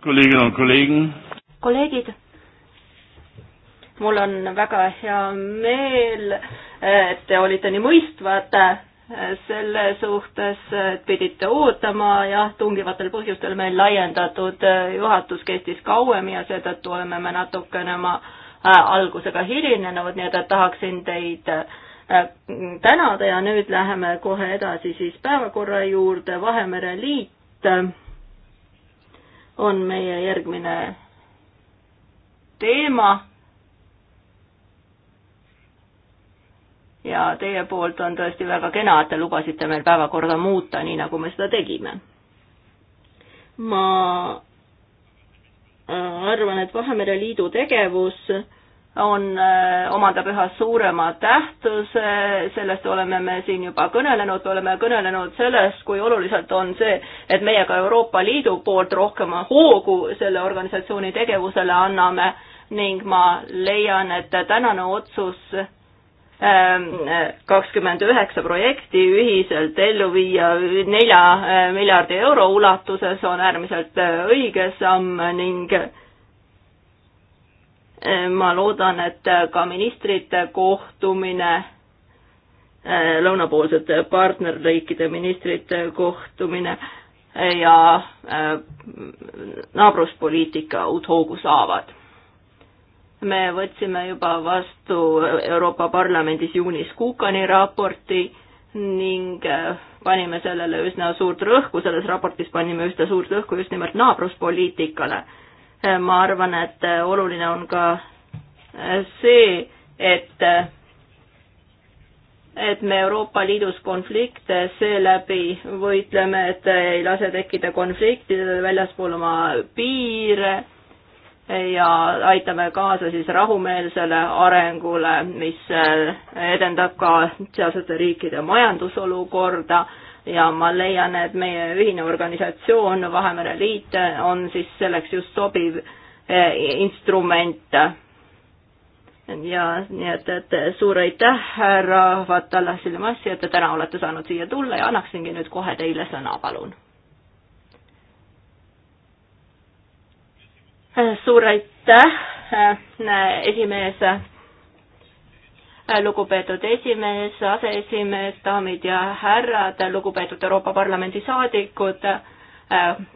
kolleegid, mul on väga hea meel, et te olite nii mõistvad eh, selle suhtes, et pidite ootama, jah, tungivatel põhjustel meil laiendatud eh, juhatus kestis kauem ja seetõttu oleme me natukene oma eh, algusega hilinenud, nii et tahaksin teid tänada ja nüüd läheme kohe edasi siis päevakorra juurde, Vahemere Liit on meie järgmine teema. ja teie poolt on tõesti väga kena, et te lubasite meil päevakorda muuta, nii nagu me seda tegime. ma äh, arvan, et Vahemere Liidu tegevus on, äh, omandab üha suurema tähtsuse, sellest oleme me siin juba kõnelenud, oleme kõnelenud sellest, kui oluliselt on see, et meie ka Euroopa Liidu poolt rohkem hoogu selle organisatsiooni tegevusele anname ning ma leian, et tänane otsus ähm, kakskümmend üheksa projekti ühiselt ellu viia nelja äh, miljardi euro ulatuses on äärmiselt äh, õige samm ning Äh, ma loodan, et äh, ka ministrite kohtumine, äh, lõunapoolsete partnerriikide ministrite kohtumine ja naabruspoliitika uut hoogu saavad. me võtsime juba vastu Euroopa Parlamendis juunis Kukani raporti ning panime sellele üsna suurt rõhku, selles raportis panime üsna suurt rõhku just nimelt naabruspoliitikale ma arvan, et oluline on ka see, et, et me Euroopa Liidus konflikte seeläbi võitleme, et ei lase tekkida konfliktidele väljaspool oma piire ja aitame kaasa siis rahumeelsele arengule, mis edendab ka sealsete riikide majandusolukorda ja ma leian, et meie ühine organisatsioon, Vahemere Liit, on siis selleks just sobiv eh, instrument. ja nii et, et suur aitäh, härra Fatallah Silmassi, et te täna olete saanud siia tulla ja annaksingi nüüd kohe teile sõna, palun. Eh, suur aitäh, eh, esimees lugupeetud esimees, aseesimees, daamid ja härrad, lugupeetud Euroopa Parlamendi saadikud,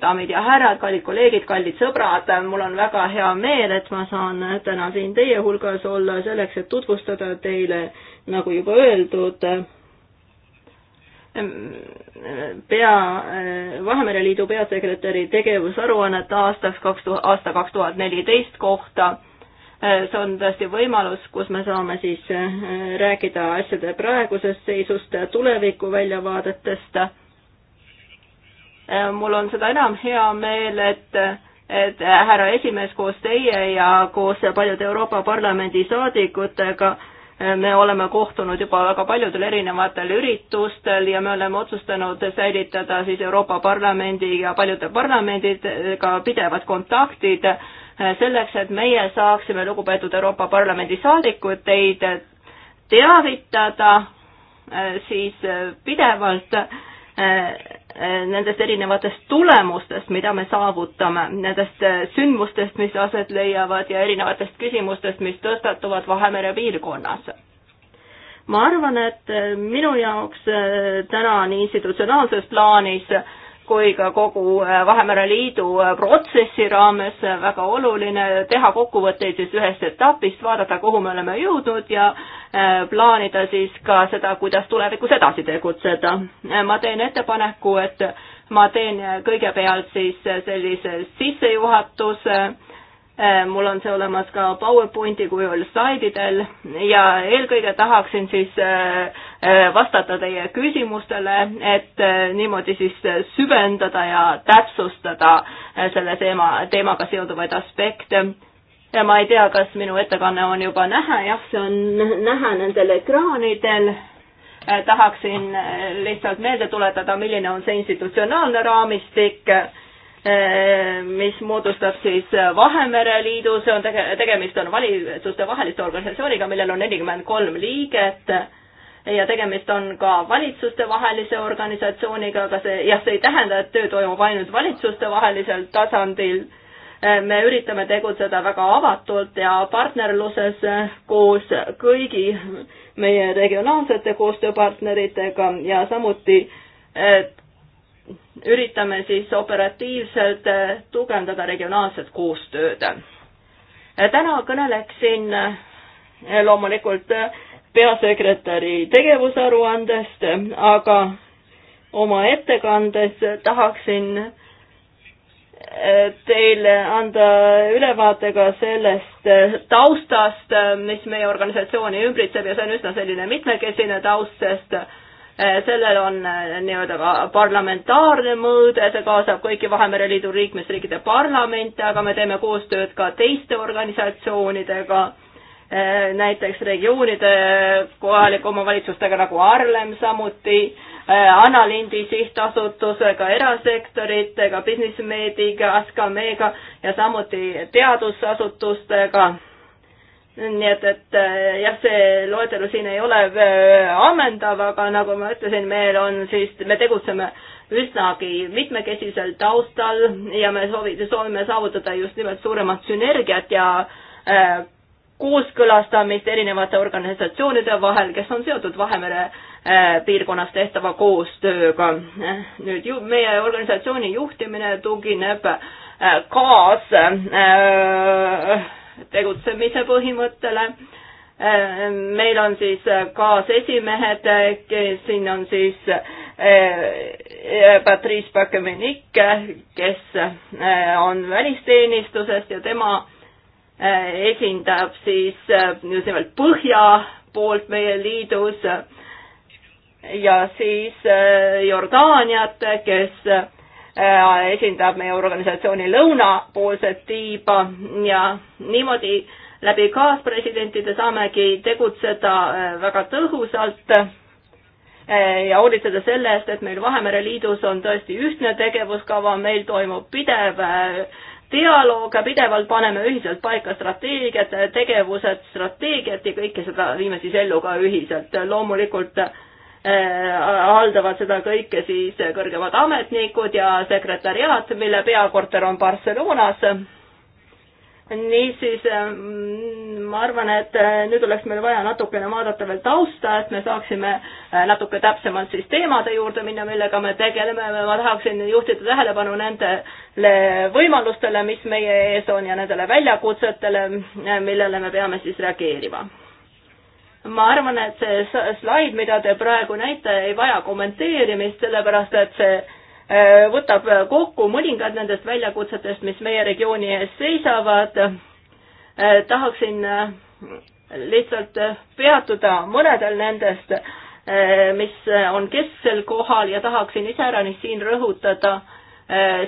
daamid ja härrad, kallid kolleegid, kallid sõbrad, mul on väga hea meel, et ma saan täna siin teie hulgas olla selleks, et tutvustada teile, nagu juba öeldud, pea, Vahemere Liidu peasekretäri tegevusaruannet aastaks kaks tuhat, aasta kaks tuhat neliteist kohta see on tõesti võimalus, kus me saame siis äh, rääkida asjade praegusest seisust, tuleviku väljavaadetest. Äh, mul on seda enam hea meel, et, et härra esimees koos teie ja koos paljude Euroopa Parlamendi saadikutega äh, me oleme kohtunud juba väga paljudel erinevatel üritustel ja me oleme otsustanud säilitada siis Euroopa Parlamendi ja paljude parlamendidega pidevad kontaktid Äh, selleks, et meie saaksime, lugupeetud Euroopa Parlamendi saadikud, teid äh, teavitada äh, siis pidevalt nendest erinevatest tulemustest, mida me saavutame, nendest sündmustest, mis aset leiavad ja erinevatest küsimustest, mis tõstatuvad Vahemere piirkonnas. ma arvan, et minu jaoks täna nii institutsionaalses plaanis kui ka kogu äh, Vahemere Liidu äh, protsessi raames äh, väga oluline teha kokkuvõtteid siis ühest etapist, vaadata, kuhu me oleme jõudnud ja plaanida siis ka seda, kuidas tulevikus edasi tegutseda. ma teen ettepaneku, et ma teen kõigepealt siis sellise sissejuhatuse mul on see olemas ka PowerPointi kujul slaididel ja eelkõige tahaksin siis Äh, vastata teie küsimustele, et äh, niimoodi siis süvendada ja täpsustada äh, selle teema, teemaga seonduvaid aspekte. ja ma ei tea, kas minu ettekanne on juba näha, jah, see on näha nendel ekraanidel. tahaksin lihtsalt meelde tuletada, milline on see institutsionaalne raamistik mis moodustab siis Vahemere Liidu, see on tege-, tegemist on valitsuste vaheliste organisatsiooniga, millel on nelikümmend kolm liiget ja tegemist on ka valitsustevahelise organisatsiooniga, aga see, jah, see ei tähenda, et töö toimub ainult valitsustevahelisel tasandil. me üritame tegutseda väga avatult ja partnerluses koos kõigi meie regionaalsete koostööpartneritega ja samuti üritame siis operatiivselt tugevdada regionaalset koostööd. täna kõneleksin loomulikult peasekretäri tegevusaruandest, aga oma ettekandes tahaksin eh, teile anda ülevaate ka sellest eh, taustast, eh, mis meie organisatsiooni ümbritseb ja see on üsna selline mitmekesine taust, sest sellel on nii-öelda ka parlamentaarne mõõde, see kaasab kõiki Vahemere Liidu liikmesriikide parlamente, aga me teeme koostööd ka teiste organisatsioonidega Äh, näiteks regioonide kohalike omavalitsustega nagu Arlem samuti, äh, Analindi sihtasutusega, erasektoritega, Business Mediga, Askameega ja samuti teadusasutustega. nii et, et äh, jah, see loetelu siin ei ole ammendav, aga nagu ma ütlesin, meil on siis, me tegutseme üsnagi mitmekesisel taustal ja me soovi, soovime saavutada just nimelt suuremat sünergiat ja äh, kooskõlastamist erinevate organisatsioonide vahel, kes on seotud Vahemere äh, piirkonnas tehtava koostööga. nüüd ju meie organisatsiooni juhtimine tugineb äh, kaas äh, tegutsemise põhimõttele. meil on siis kaasesimehed, siin on siis Patrice Pakemenik, kes on välisteenistusest ja tema Äh, esindab siis äh, just nimelt põhja poolt meie liidus ja siis äh, Jordaaniat, kes esindab meie organisatsiooni lõunapoolset tiiba ja niimoodi läbi kaaspresidentide saamegi tegutseda väga tõhusalt ja hoolitseda selle eest, et meil Vahemere Liidus on tõesti ühtne tegevuskava, meil toimub pidev dialoog, pidevalt paneme ühiselt paika strateegiad, tegevused, strateegiat ja kõike seda viime siis ellu ka ühiselt. loomulikult äh, haldavad seda kõike siis kõrgemad ametnikud ja sekretäriaat, mille peakorter on Barcelonas. niisiis mm, ma arvan, et äh, nüüd oleks meil vaja natukene vaadata veel tausta, et me saaksime äh, natuke täpsemalt siis teemade juurde minna, millega me tegeleme. ma tahaksin juhtida tähelepanu nendele võimalustele, mis meie ees on ja nendele väljakutsetele, äh, millele me peame siis reageerima ma arvan, et see slaid, mida te praegu näite, ei vaja kommenteerimist, sellepärast et see võtab kokku mõningad nendest väljakutsetest, mis meie regiooni ees seisavad Äh, tahaksin äh, lihtsalt äh, peatuda mõnedel nendest, mis on kesksel kohal ja tahaksin iseäranis siin rõhutada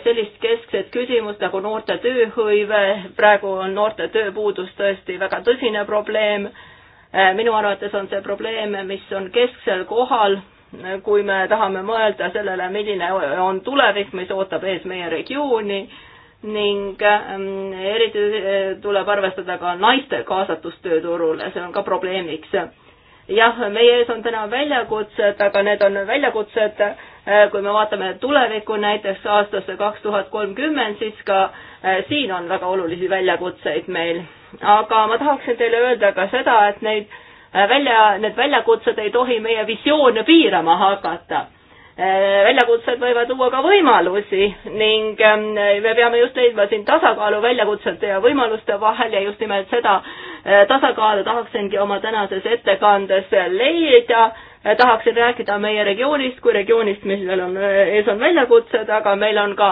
sellist keskset küsimust nagu noorte tööhõive. praegu on noorte tööpuudus tõesti väga tõsine probleem. minu arvates on see probleem, mis on kesksel kohal, kui me tahame mõelda sellele, milline on tulevik, mis ootab ees meie regiooni ning ähm, eriti äh, tuleb arvestada ka naiste kaasatust tööturule, see on ka probleemiks. jah, meie ees on täna väljakutsed, aga need on väljakutsed, äh, kui me vaatame tulevikku näiteks aastasse kaks tuhat kolmkümmend, siis ka äh, siin on väga olulisi väljakutseid meil. aga ma tahaksin teile öelda ka seda, et neid välja, need väljakutsed ei tohi meie visioone piirama hakata Äh, väljakutsed võivad luua ka võimalusi ning ähm, me peame just leidma siin tasakaalu väljakutsete ja võimaluste vahel ja just nimelt seda äh, tasakaalu tahaksingi oma tänases ettekandes leida. Äh, tahaksin rääkida meie regioonist kui regioonist, millel on, ees on väljakutsed, aga meil on ka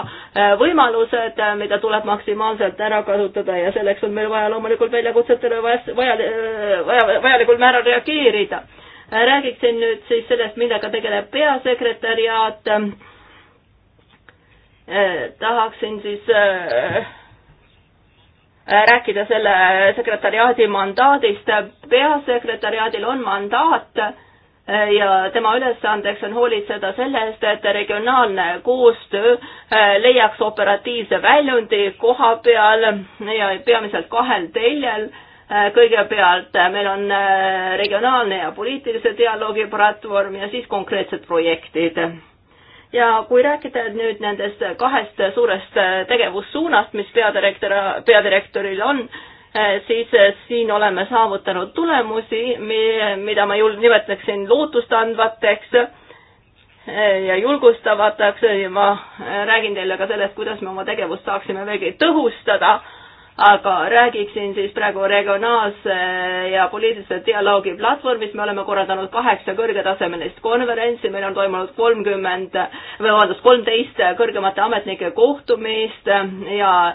võimalused, mida tuleb maksimaalselt ära kasutada ja selleks on meil vaja loomulikult väljakutsetele vaja, vaja, vaja, vajalikul määral reageerida räägiksin nüüd siis sellest, millega tegeleb peasekretäriaat. Äh, tahaksin siis äh, äh, rääkida selle sekretäriaadi mandaadist. peasekretäriaadil on mandaat ja tema ülesandeks on hoolitseda selle eest, et regionaalne koostöö leiaks operatiivse väljundi koha peal ja peamiselt kahel teljel Äh, kõigepealt äh, meil on äh, regionaalne ja poliitilise dialoogi platvorm ja siis konkreetsed projektid. ja kui rääkida nüüd nendest kahest suurest tegevussuunast, mis peadirektor, peadirektoril on, siis siin oleme saavutanud tulemusi, mida ma jul-, nimetaksin lootustandvateks ja julgustavateks ja ma räägin teile ka sellest, kuidas me oma tegevust saaksime veelgi tõhustada aga räägiksin siis praegu regionaalse ja poliitilise dialoogi platvormis, me oleme korraldanud kaheksa kõrgetasemelist konverentsi, meil on toimunud kolmkümmend, või vabandust, kolmteist kõrgemate ametnike kohtumist ja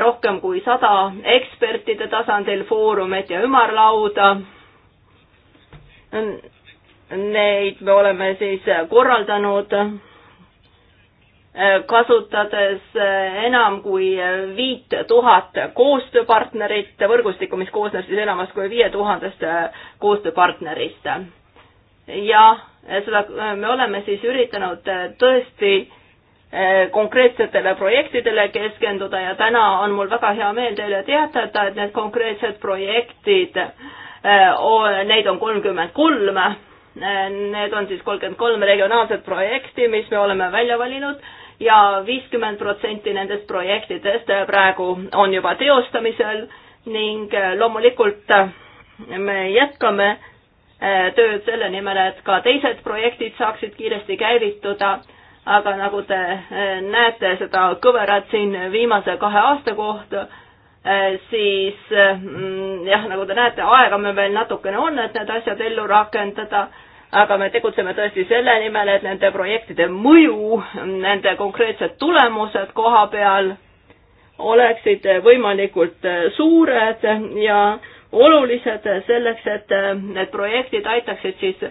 rohkem kui sada ekspertide tasandil foorumit ja ümarlauda. Neid me oleme siis korraldanud Äh, kasutades äh, enam kui äh, viit tuhat koostööpartnerit, võrgustikku, mis koosneb siis enamast kui viie tuhandest koostööpartnerist. ja seda me oleme siis üritanud tõesti konkreetsetele projektidele keskenduda ja täna on mul väga hea meel teile teatada, et need konkreetsed projektid, neid on kolmkümmend kolm. Need on siis kolmkümmend kolm regionaalset projekti, mis me oleme välja valinud ja viiskümmend protsenti nendest projektidest praegu on juba teostamisel ning eh, loomulikult eh, me jätkame eh, tööd selle nimel, et ka teised projektid saaksid kiiresti käivituda, aga nagu te näete seda kõverat siin viimase kahe aasta kohta, siis mm, jah, nagu te näete, aega meil veel natukene on, et need asjad ellu rakendada aga me tegutseme tõesti selle nimel, et nende projektide mõju, nende konkreetsed tulemused koha peal oleksid võimalikult suured ja olulised selleks, et need projektid aitaksid siis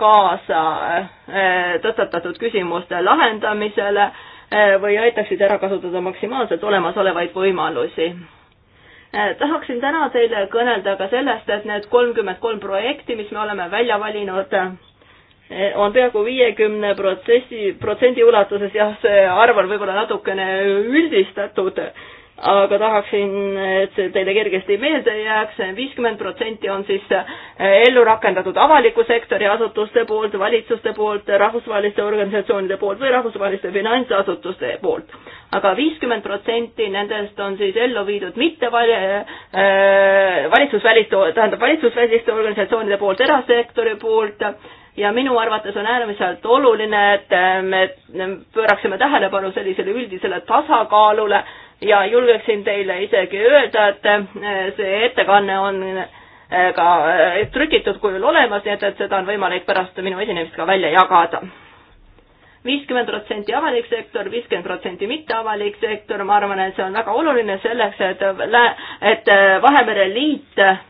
kaasa äh, tõstatatud küsimuste lahendamisele äh, või aitaksid ära kasutada maksimaalselt olemasolevaid võimalusi Äh, tahaksin täna teile kõnelda ka sellest, et need kolmkümmend kolm projekti, mis me oleme välja valinud, äh, on peaaegu viiekümne protsessi, protsendi ulatuses, jah, see arv on võib-olla natukene üldistatud, aga tahaksin, et see teile kergesti meelde jääks, viiskümmend protsenti on siis eh, ellu rakendatud avaliku sektori asutuste poolt, valitsuste poolt, rahvusvaheliste organisatsioonide poolt või rahvusvaheliste finantsasutuste poolt aga. aga viiskümmend protsenti nendest on siis ellu viidud mitte val-, eh, valitsusväliste, tähendab valitsusväliste organisatsioonide poolt, erasektori poolt ja minu arvates on äärmiselt oluline, et me pööraksime tähelepanu sellisele üldisele tasakaalule ja julgeksin teile isegi öelda, et eh, see ettekanne on eh, ka eh, trükitud kujul olemas, nii et, et seda on võimalik pärast minu esinemist ka välja jagada viiskümmend protsenti avalik sektor, viiskümmend protsenti mitteavalik sektor, ma arvan, et see on väga oluline selleks, et, et äh, Vahemere Liit äh,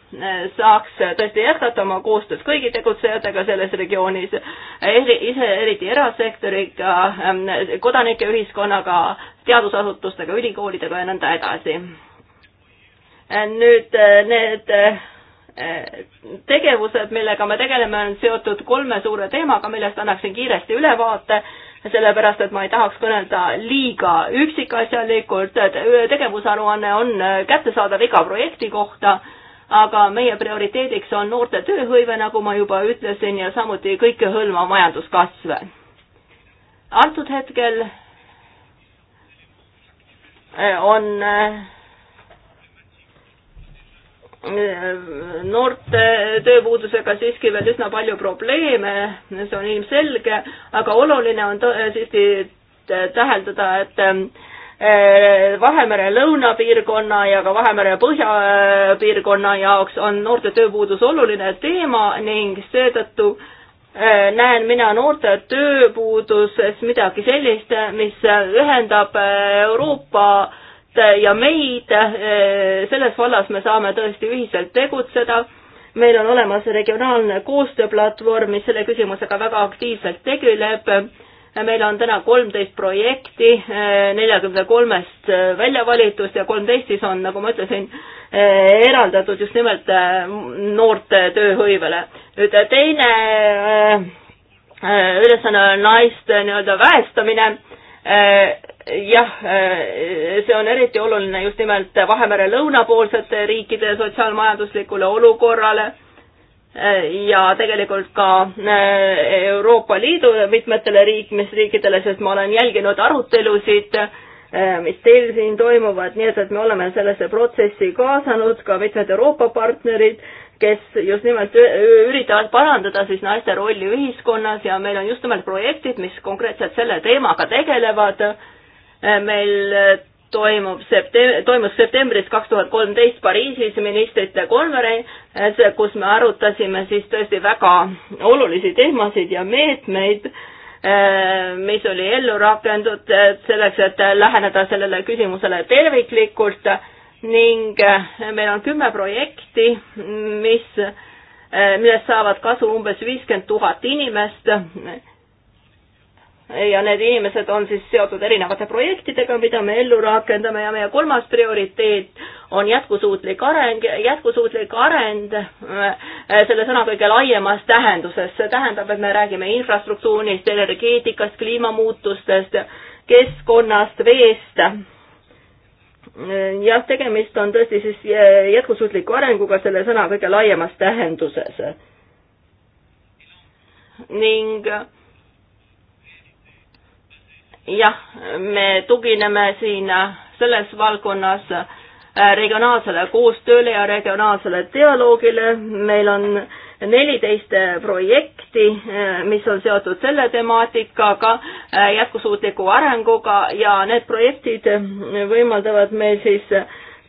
saaks tõesti jätkata oma koostöös kõigi tegutsejatega selles regioonis, ise eriti erasektoriga, ähm, kodanike ühiskonnaga, teadusasutustega, ülikoolidega ja nõnda edasi. Äh, nüüd need tegevused, millega me tegeleme, on seotud kolme suure teemaga, millest annaksin kiiresti ülevaate, sellepärast et ma ei tahaks kõnelda liiga üksikasjalikult, tegevusaruanne on kättesaadav iga projekti kohta, aga meie prioriteediks on noorte tööhõive, nagu ma juba ütlesin, ja samuti kõikehõlmav majanduskasv. antud hetkel on Äh, noorte tööpuudusega siiski veel üsna palju probleeme, see on ilmselge, aga oluline on siiski täheldada, et äh, Vahemere lõunapiirkonna ja ka Vahemere põhjapiirkonna jaoks on noorte tööpuudus oluline teema ning seetõttu äh, näen mina noorte tööpuuduses midagi sellist, mis ühendab Euroopa Äh, ja meid, äh, selles vallas me saame tõesti ühiselt tegutseda meil on olemas regionaalne koostööplatvorm, mis selle küsimusega väga aktiivselt tegeleb. meil on täna kolmteist projekti äh, neljakümne kolmest välja valitud ja kolmteistis on, nagu ma ütlesin, eraldatud just nimelt noorte tööhõivele. nüüd teine ülesanne on naiste nii-öelda väestamine jah, see on eriti oluline just nimelt Vahemere lõunapoolsete riikide sotsiaalmajanduslikule olukorrale ja tegelikult ka eh, Euroopa Liidu mitmetele liikmesriikidele, sest ma olen jälginud arutelusid, eh, mis teil siin toimuvad, nii et, et me oleme sellesse protsessi kaasanud ka mitmed Euroopa partnerid, kes just nimelt üritavad parandada siis naiste rolli ühiskonnas ja meil on just nimelt projektid, mis konkreetselt selle teemaga tegelevad Äh, meil äh, toimub septem-, toimus septembris kaks tuhat kolmteist Pariisis ministrite konverents, äh, kus me arutasime siis tõesti väga olulisi teemasid ja meetmeid, mis oli ellu rakendatud selleks, et läheneda sellele küsimusele terviklikult ning meil on kümme projekti, mis, millest saavad kasu umbes viiskümmend tuhat inimest ja need inimesed on siis seotud erinevate projektidega, mida me ellu rakendame ja meie kolmas prioriteet on jätkusuutlik areng, jätkusuutlik areng äh, selle sõna kõige laiemas tähenduses, see tähendab, et me räägime infrastruktuurist, energeetikast, kliimamuutustest, keskkonnast, veest äh, jah, tegemist on tõesti siis äh, jätkusuutliku arenguga selle sõna kõige laiemas tähenduses. ning äh, jah, me tugineme siin äh, selles valdkonnas äh, regionaalsele koostööle ja regionaalsele dialoogile, meil on neliteist äh, projekti, mis on seotud selle temaatikaga, jätkusuutliku arenguga ja need projektid võimaldavad meil siis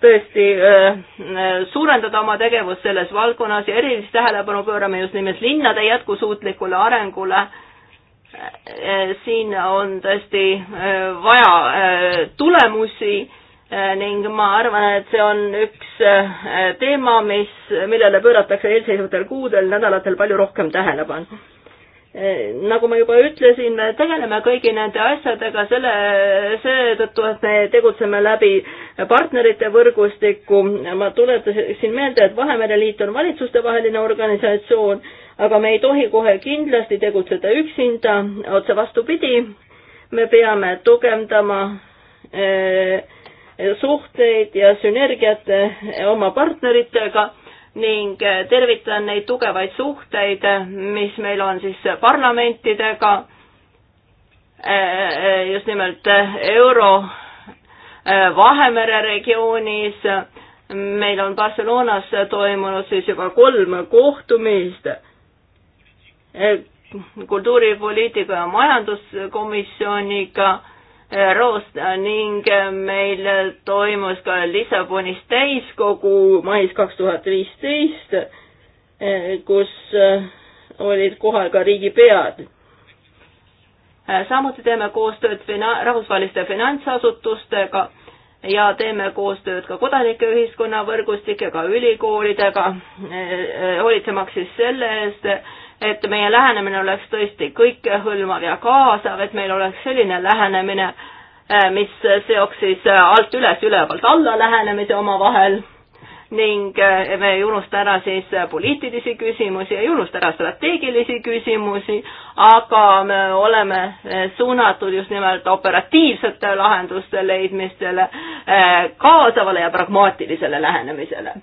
tõesti suurendada oma tegevust selles valdkonnas ja erilist tähelepanu pöörame just nimelt linnade jätkusuutlikule arengule Äh, siin on tõesti äh, vaja äh, tulemusi ning ma arvan, et see on üks teema, mis, millele pööratakse eelseisvatel kuudel, nädalatel palju rohkem tähelepanu. nagu ma juba ütlesin, me tegeleme kõigi nende asjadega selle, seetõttu, et me tegutseme läbi partnerite võrgustiku. ma tuletasin meelde, et Vahemere Liit on valitsustevaheline organisatsioon aga me ei tohi kohe kindlasti tegutseda üksinda, otse vastupidi, me peame tugevdama eh, suhteid ja sünergiat eh, oma partneritega ning eh, tervitan neid tugevaid suhteid, mis meil on siis parlamentidega, just nimelt Euro Vahemere regioonis, meil on Barcelonas toimunud siis juba kolm kohtumist kultuuripoliitika ja majanduskomisjoniga eh, Roost eh, ning eh, meil toimus ka Lissabonis täiskogu mais kaks tuhat viisteist, kus olid kohal ka riigipead. samuti teeme koostööd fina-, rahvusvaheliste finantsasutustega ja teeme koostööd ka kodanikeühiskonna võrgustikega, ülikoolidega, hoolitsemaks siis selle eest, et meie lähenemine oleks tõesti kõikehõlmav ja kaasav, et meil oleks selline lähenemine, eh, mis seoks siis eh, alt üles, ülevalt alla lähenemise omavahel ning eh, me ei unusta ära siis poliitilisi küsimusi, ei unusta ära strateegilisi küsimusi, aga me oleme suunatud just nimelt operatiivsete lahenduste leidmistele, kaasavale ja pragmaatilisele lähenemisele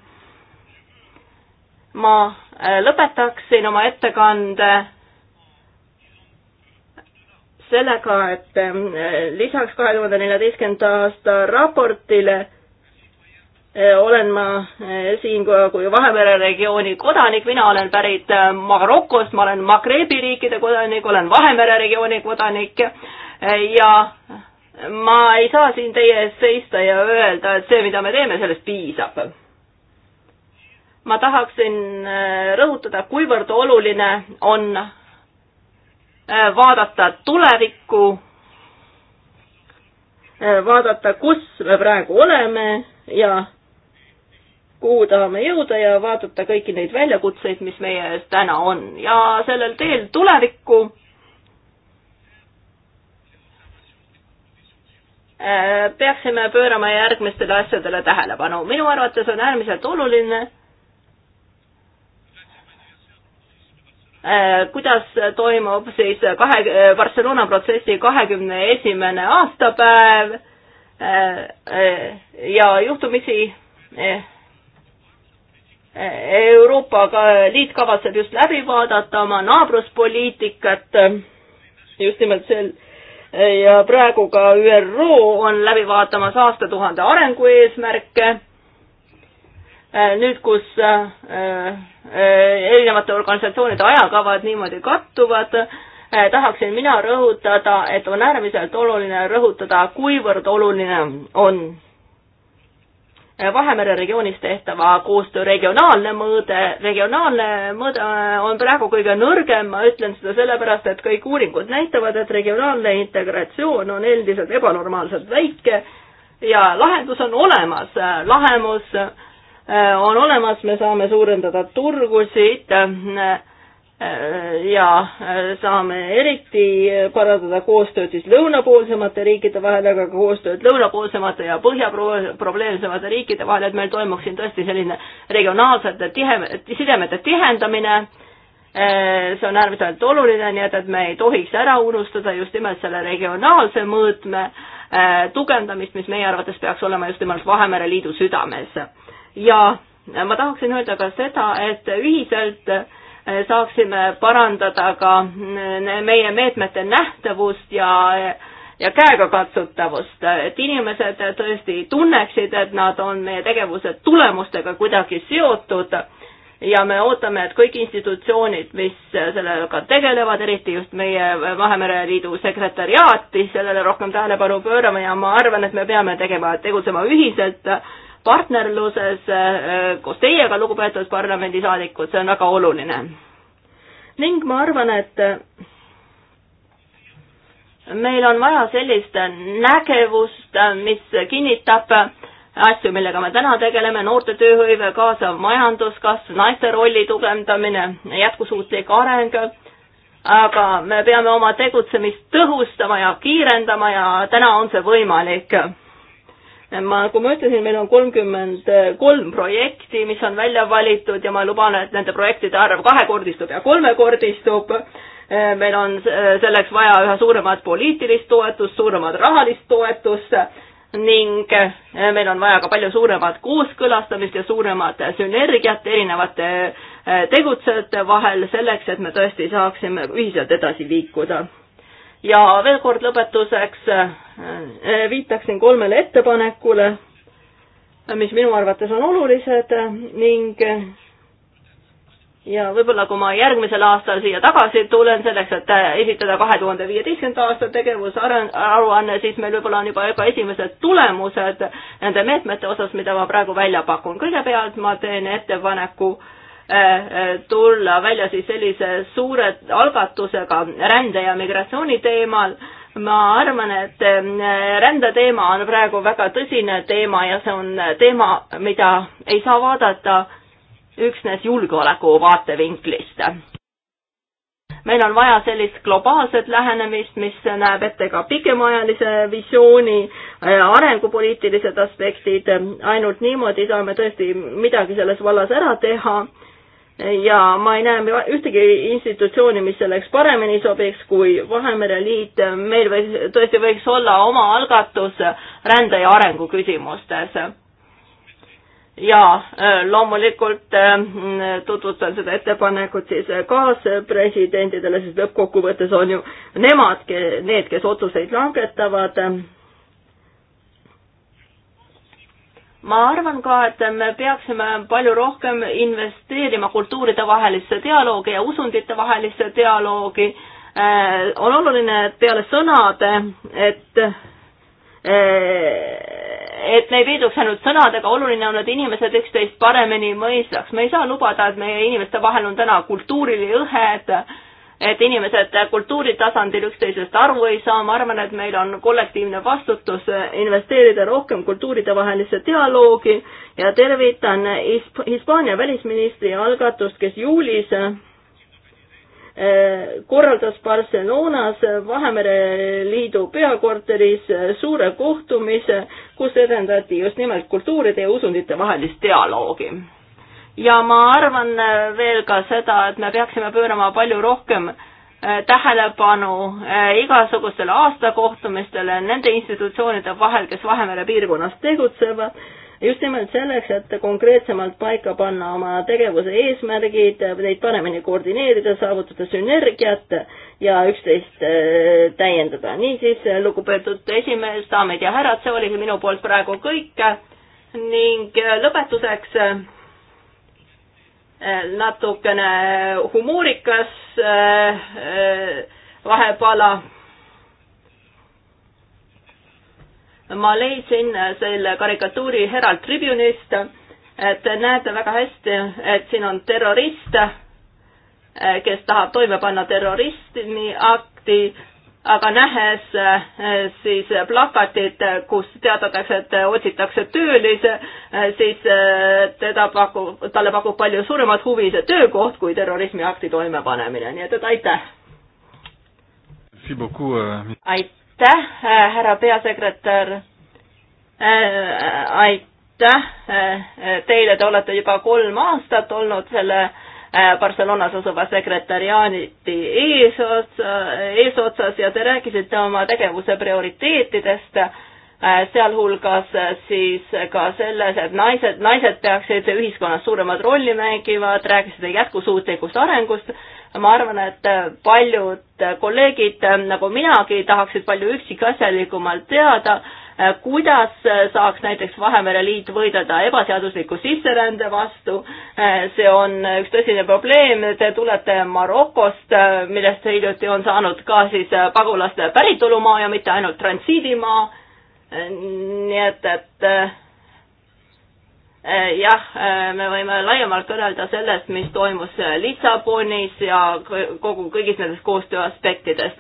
ma äh, lõpetaksin oma ettekande sellega, et äh, lisaks kahe tuhande neljateistkümnenda aasta raportile äh, olen ma siin kui Vahemere regiooni kodanik, mina olen pärit Marokost, ma olen Magrebi riikide kodanik, olen Vahemere regiooni kodanik ja ma ei saa siin teie ees seista ja öelda, et see, mida me teeme, sellest piisab ma tahaksin äh, rõhutada, kuivõrd oluline on äh, vaadata tulevikku, äh, vaadata, kus me praegu oleme ja kuhu tahame jõuda ja vaadata kõiki neid väljakutseid, mis meie ees täna on ja sellel teel tulevikku peaksime pöörama järgmistele asjadele tähelepanu. minu arvates on äärmiselt oluline, Äh, kuidas toimub siis kahe, äh, Barcelona protsessi kahekümne esimene aastapäev äh, ja juhtumisi Euroopa Liit kavatseb just läbi vaadata oma naabruspoliitikat, just nimelt sel ja praegu ka ÜRO on läbi vaatamas aastatuhande arengu eesmärke Äh, nüüd, kus äh, äh, erinevate organisatsioonide ajakavad niimoodi kattuvad, tahaksin mina rõhutada, et on äärmiselt oluline rõhutada, kuivõrd oluline on Vahemere regioonis tehtava koostöö regionaalne mõõde, regionaalne mõõde on praegu kõige nõrgem, ma ütlen seda sellepärast, et kõik uuringud näitavad, et regionaalne integratsioon on endiselt ebanormaalselt väike ja lahendus on olemas, lahendus äh, Äh, on olemas, me saame suurendada turgusid äh, ja äh, saame eriti parandada koostööd siis lõunapoolsemate riikide vahel, aga ka koostööd lõunapoolsemate ja põhjaprobleemsemate riikide vahel, et meil toimuks siin tõesti selline regionaalsete tihe, sidemete tihendamine see on äärmiselt oluline, nii et, et me ei tohiks ära unustada just nimelt selle regionaalse mõõtme tugevdamist, mis meie arvates peaks olema just nimelt Vahemere Liidu südames ja ma tahaksin öelda ka seda, et ühiselt eh, saaksime parandada ka eh, meie meetmete nähtavust ja ja käegakatsutavust, et inimesed tõesti tunneksid, et nad on meie tegevuse tulemustega kuidagi seotud ja me ootame, et kõik institutsioonid, mis sellega tegelevad, eriti just meie Vahemere Liidu sekretäriaati, sellele rohkem tähelepanu pöörama ja ma arvan, et me peame tegema, tegutsema ühiselt partnerluses äh, koos teiega, lugupeetud parlamendisaadikud, see on väga oluline. ning ma arvan, et meil on vaja sellist nägevust, mis kinnitab asju, millega me täna tegeleme, noorte tööhõive, kaasav majanduskasv, naiste rolli tugevdamine, jätkusuutlik areng, aga me peame oma tegutsemist tõhustama ja kiirendama ja täna on see võimalik ma, nagu ma ütlesin, meil on kolmkümmend kolm projekti, mis on välja valitud ja ma luban, et nende projektide arv kahekordistub ja kolmekordistub. Äh, meil on äh, selleks vaja üha suuremat poliitilist toetust, suuremat rahalist toetust ning äh, meil on vaja ka palju suuremat kooskõlastamist ja suuremat sünergiat erinevate tegutsejate vahel selleks, et me tõesti saaksime ühiselt edasi liikuda ja veel kord lõpetuseks äh, äh, viitaksin kolmele ettepanekule, mis minu arvates on olulised äh, ning ja võib-olla kui ma järgmisel aastal siia tagasi tulen selleks, et esitada kahe tuhande viieteistkümnenda aasta tegevusaruanne, siis meil võib-olla on juba ka esimesed tulemused nende meetmete osas, mida ma praegu välja pakun. kõigepealt ma teen ettepaneku äh, tulla välja siis sellise suure algatusega rände ja migratsiooni teemal. ma arvan, et eh, rändeteema on praegu väga tõsine teema ja see on teema, mida ei saa vaadata üksnes julgeoleku vaatevinklist. meil on vaja sellist globaalset lähenemist, mis näeb ette ka pikemaajalise visiooni, eh, arengupoliitilised aspektid, ainult niimoodi saame tõesti midagi selles vallas ära teha ja ma ei näe ühtegi institutsiooni, mis selleks paremini sobiks kui Vahemere Liit. meil võiks, tõesti võiks olla oma algatus rände ja arengu küsimustes. ja äh, loomulikult äh, tutvustan seda ettepanekut siis äh, kaaspresidentidele, sest lõppkokkuvõttes on ju nemad, need, kes otsuseid langetavad ma arvan ka, et me peaksime palju rohkem investeerima kultuuridevahelisse dialoogi ja usundite vahelisse dialoogi. Äh, on oluline, et peale sõnade, et äh, et me ei piirduks ainult sõnadega, oluline on, et inimesed üksteist paremini mõistaks. me ei saa lubada, et meie inimeste vahel on täna kultuurilised lõhed et inimesed kultuuritasandil üksteisest aru ei saa, ma arvan, et meil on kollektiivne vastutus investeerida rohkem kultuuridevahelisse dialoogi ja tervitan Hispaania välisministri algatust, kes juulis eh, korraldas Barcelonas Vahemere Liidu peakorteris suure kohtumise, kus edendati just nimelt kultuuride ja usundite vahelist dialoogi ja ma arvan äh, veel ka seda, et me peaksime pöörama palju rohkem äh, tähelepanu äh, igasugustele aastakohtumistele nende institutsioonide vahel, kes Vahemere piirkonnas tegutsevad, just nimelt selleks, et konkreetsemalt paika panna oma tegevuse eesmärgid, neid paremini koordineerida, saavutada sünergiat ja üksteist täiendada. niisiis, lugupeetud esimees, daamid ja härrad, see oligi minu poolt praegu kõik ning lõpetuseks natukene humoorikas eh, eh, vahepala ma leidsin selle karikatuuri Herald Tribune'ist, et te näete väga hästi, et siin on terrorist, eh, kes tahab toime panna terrorismi akti aga nähes äh, siis plakatit, kus teatatakse, et otsitakse töölisi, äh, siis äh, teda pakub, talle pakub palju suuremat huvi see töökoht kui terrorismiakti toimepanemine, nii et, et aitäh. aitäh, härra peasekretär. aitäh teile, te olete juba kolm aastat olnud selle Äh, Barcelonas asuva sekretäriaaniti eesotsa, äh, eesotsas ja te rääkisite oma tegevuse prioriteetidest, äh, sealhulgas siis ka selles, et naised, naised peaksid ühiskonnas suuremat rolli mängima, rääkisite jätkusuutlikust arengust, ma arvan, et paljud kolleegid nagu minagi tahaksid palju üksikasjalikumalt teada, kuidas saaks näiteks Vahemere Liit võidelda ebaseadusliku sisserände vastu. see on üks tõsine probleem, te tulete Marokost, millest hiljuti on saanud ka siis pagulaste päritolumaa ja mitte ainult transiidimaa. nii et, et jah, me võime laiemalt kõnelda sellest, mis toimus Lissabonis ja kogu kõigis nendes koostöö aspektides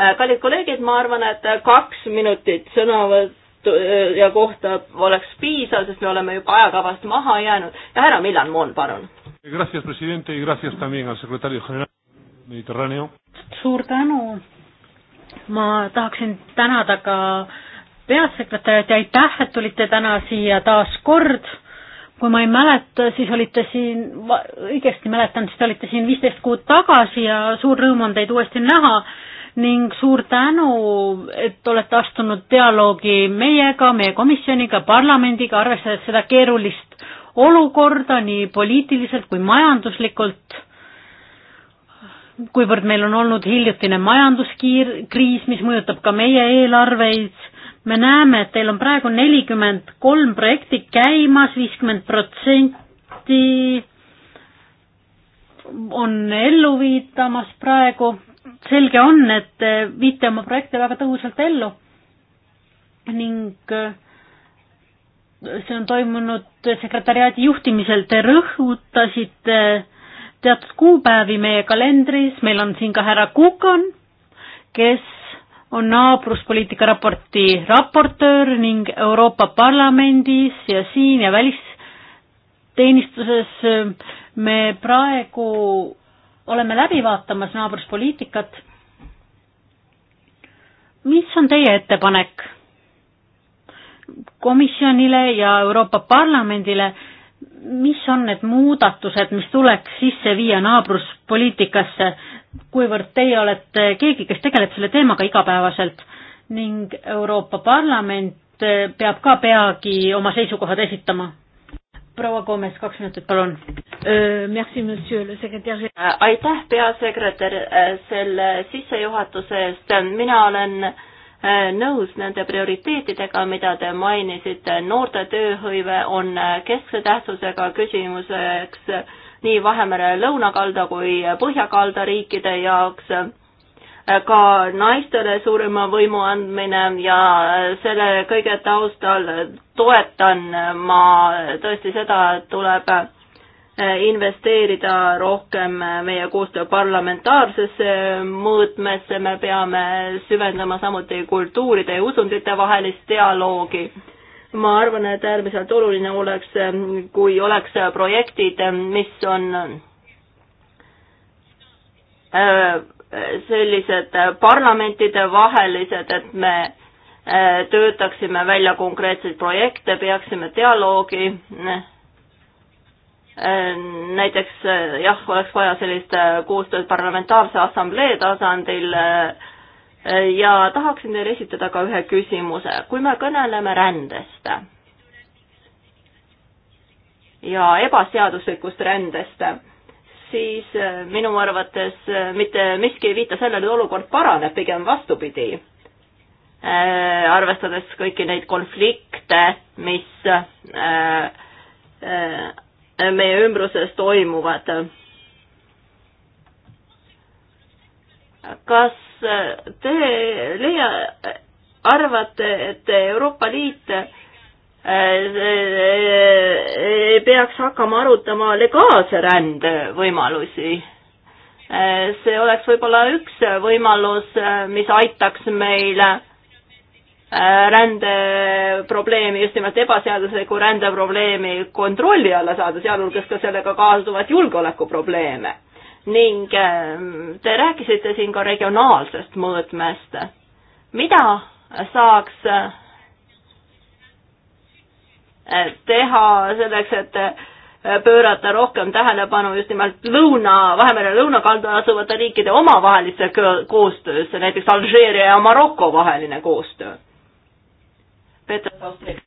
Äh, kallid kolleegid, ma arvan, et kaks minutit sõnavõttu äh, ja kohta oleks piisav, sest me oleme juba ajakavast maha jäänud. ja härra Millan Moon, palun. suur tänu. ma tahaksin tänada ka peasekretärit ja aitäh, et tulite täna siia taas kord. kui ma ei mäleta, siis olite siin, õigesti mäletan, siis te olite siin viisteist kuud tagasi ja suur rõõm on teid uuesti näha ning suur tänu, et olete astunud dialoogi meiega, meie komisjoniga, parlamendiga, arvestades seda keerulist olukorda nii poliitiliselt kui majanduslikult kuivõrd meil on olnud hiljutine majanduskriis, mis mõjutab ka meie eelarveid, me näeme, et teil on praegu nelikümmend kolm projekti käimas, viiskümmend protsenti on ellu viitamas praegu selge on, et te eh, viite oma projekte väga tõhusalt ellu ning eh, see on toimunud sekretäriaadi juhtimisel, te rõhutasite teatud kuupäevi meie kalendris, meil on siin ka härra Kukan, kes on naabruspoliitika raporti raportöör ning Euroopa Parlamendis ja siin ja välisteenistuses me praegu oleme läbi vaatamas naabruspoliitikat. mis on teie ettepanek komisjonile ja Euroopa Parlamendile, mis on need muudatused, mis tuleks sisse viia naabruspoliitikasse, kuivõrd teie olete keegi, kes tegeleb selle teemaga igapäevaselt ning Euroopa Parlament peab ka peagi oma seisukohad esitama proua Gomes, kaks minutit, palun. Merci, monsieur le secrétaire. Äh, aitäh, peasekretär, äh, selle sissejuhatuse eest. mina olen äh, nõus nende prioriteetidega, mida te mainisite. noorte tööhõive on keskse tähtsusega küsimuseks nii Vahemere lõunakalda kui põhjakalda riikide jaoks Äh, ka naistele suurema võimu andmine ja äh, selle kõige taustal äh, toetan ma tõesti seda, et tuleb investeerida rohkem meie koostöö parlamentaarsesse mõõtmesse, me peame süvendama samuti kultuuride ja usundite vahelist dialoogi ma arvan, et äärmiselt oluline oleks, kui oleks projektid, mis on sellised äh, parlamentide vahelised, et me äh, töötaksime välja konkreetseid projekte, peaksime dialoogi. Äh, näiteks jah, oleks vaja sellist koostööd parlamentaarse assamblee tasandil ja tahaksin teile esitada ka ühe küsimuse. kui me kõneleme rändest ja ebaseaduslikust rändest siis äh, minu arvates äh, mitte miski ei viita sellele, et olukord paraneb, pigem vastupidi. Äh, arvestades kõiki neid konflikte, mis meie ümbruses toimuvad. kas te leia, arvate, et Euroopa Liit Äh, äh, äh, peaks hakkama arutama legaalse rände võimalusi. see oleks võib-olla üks võimalus, mis aitaks meil rändeprobleemi, just nimelt ebaseadusliku rändeprobleemi kontrolli alla saada, sealhulgas ka sellega kaasuvat julgeolekuprobleeme. ning te rääkisite siin ka regionaalsest mõõtmest. mida saaks teha selleks, et äh, pöörata rohkem tähelepanu just nimelt lõuna, Vahemere lõunakaldal asuvate riikide omavahelisse koostöösse, näiteks Alžeeria ja Maroko vaheline koostöö. Peeter Paustek.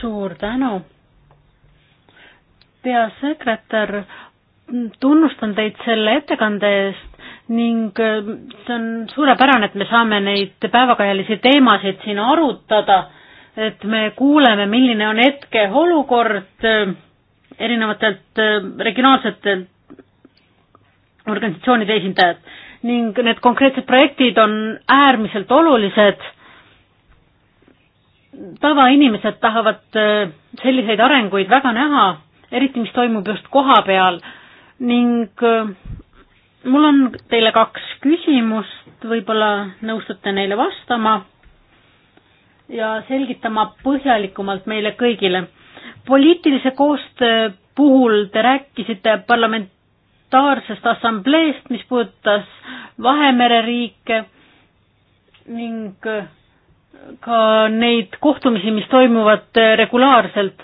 suur tänu. peasekretär, tunnustan teid selle ettekande eest, ning äh, see on suurepärane, et me saame neid päevakajalisi teemasid siin arutada, et me kuuleme, milline on hetkeolukord äh, erinevatelt äh, regionaalsetelt organisatsioonide esindajad ning need konkreetsed projektid on äärmiselt olulised. tavainimesed tahavad selliseid arenguid väga näha, eriti mis toimub just koha peal ning mul on teile kaks küsimust, võib-olla nõustute neile vastama ja selgitama põhjalikumalt meile kõigile. poliitilise koostöö puhul te rääkisite parlamentaarsest assambleest, mis puudutas Vahemere riike ning ka neid kohtumisi, mis toimuvad regulaarselt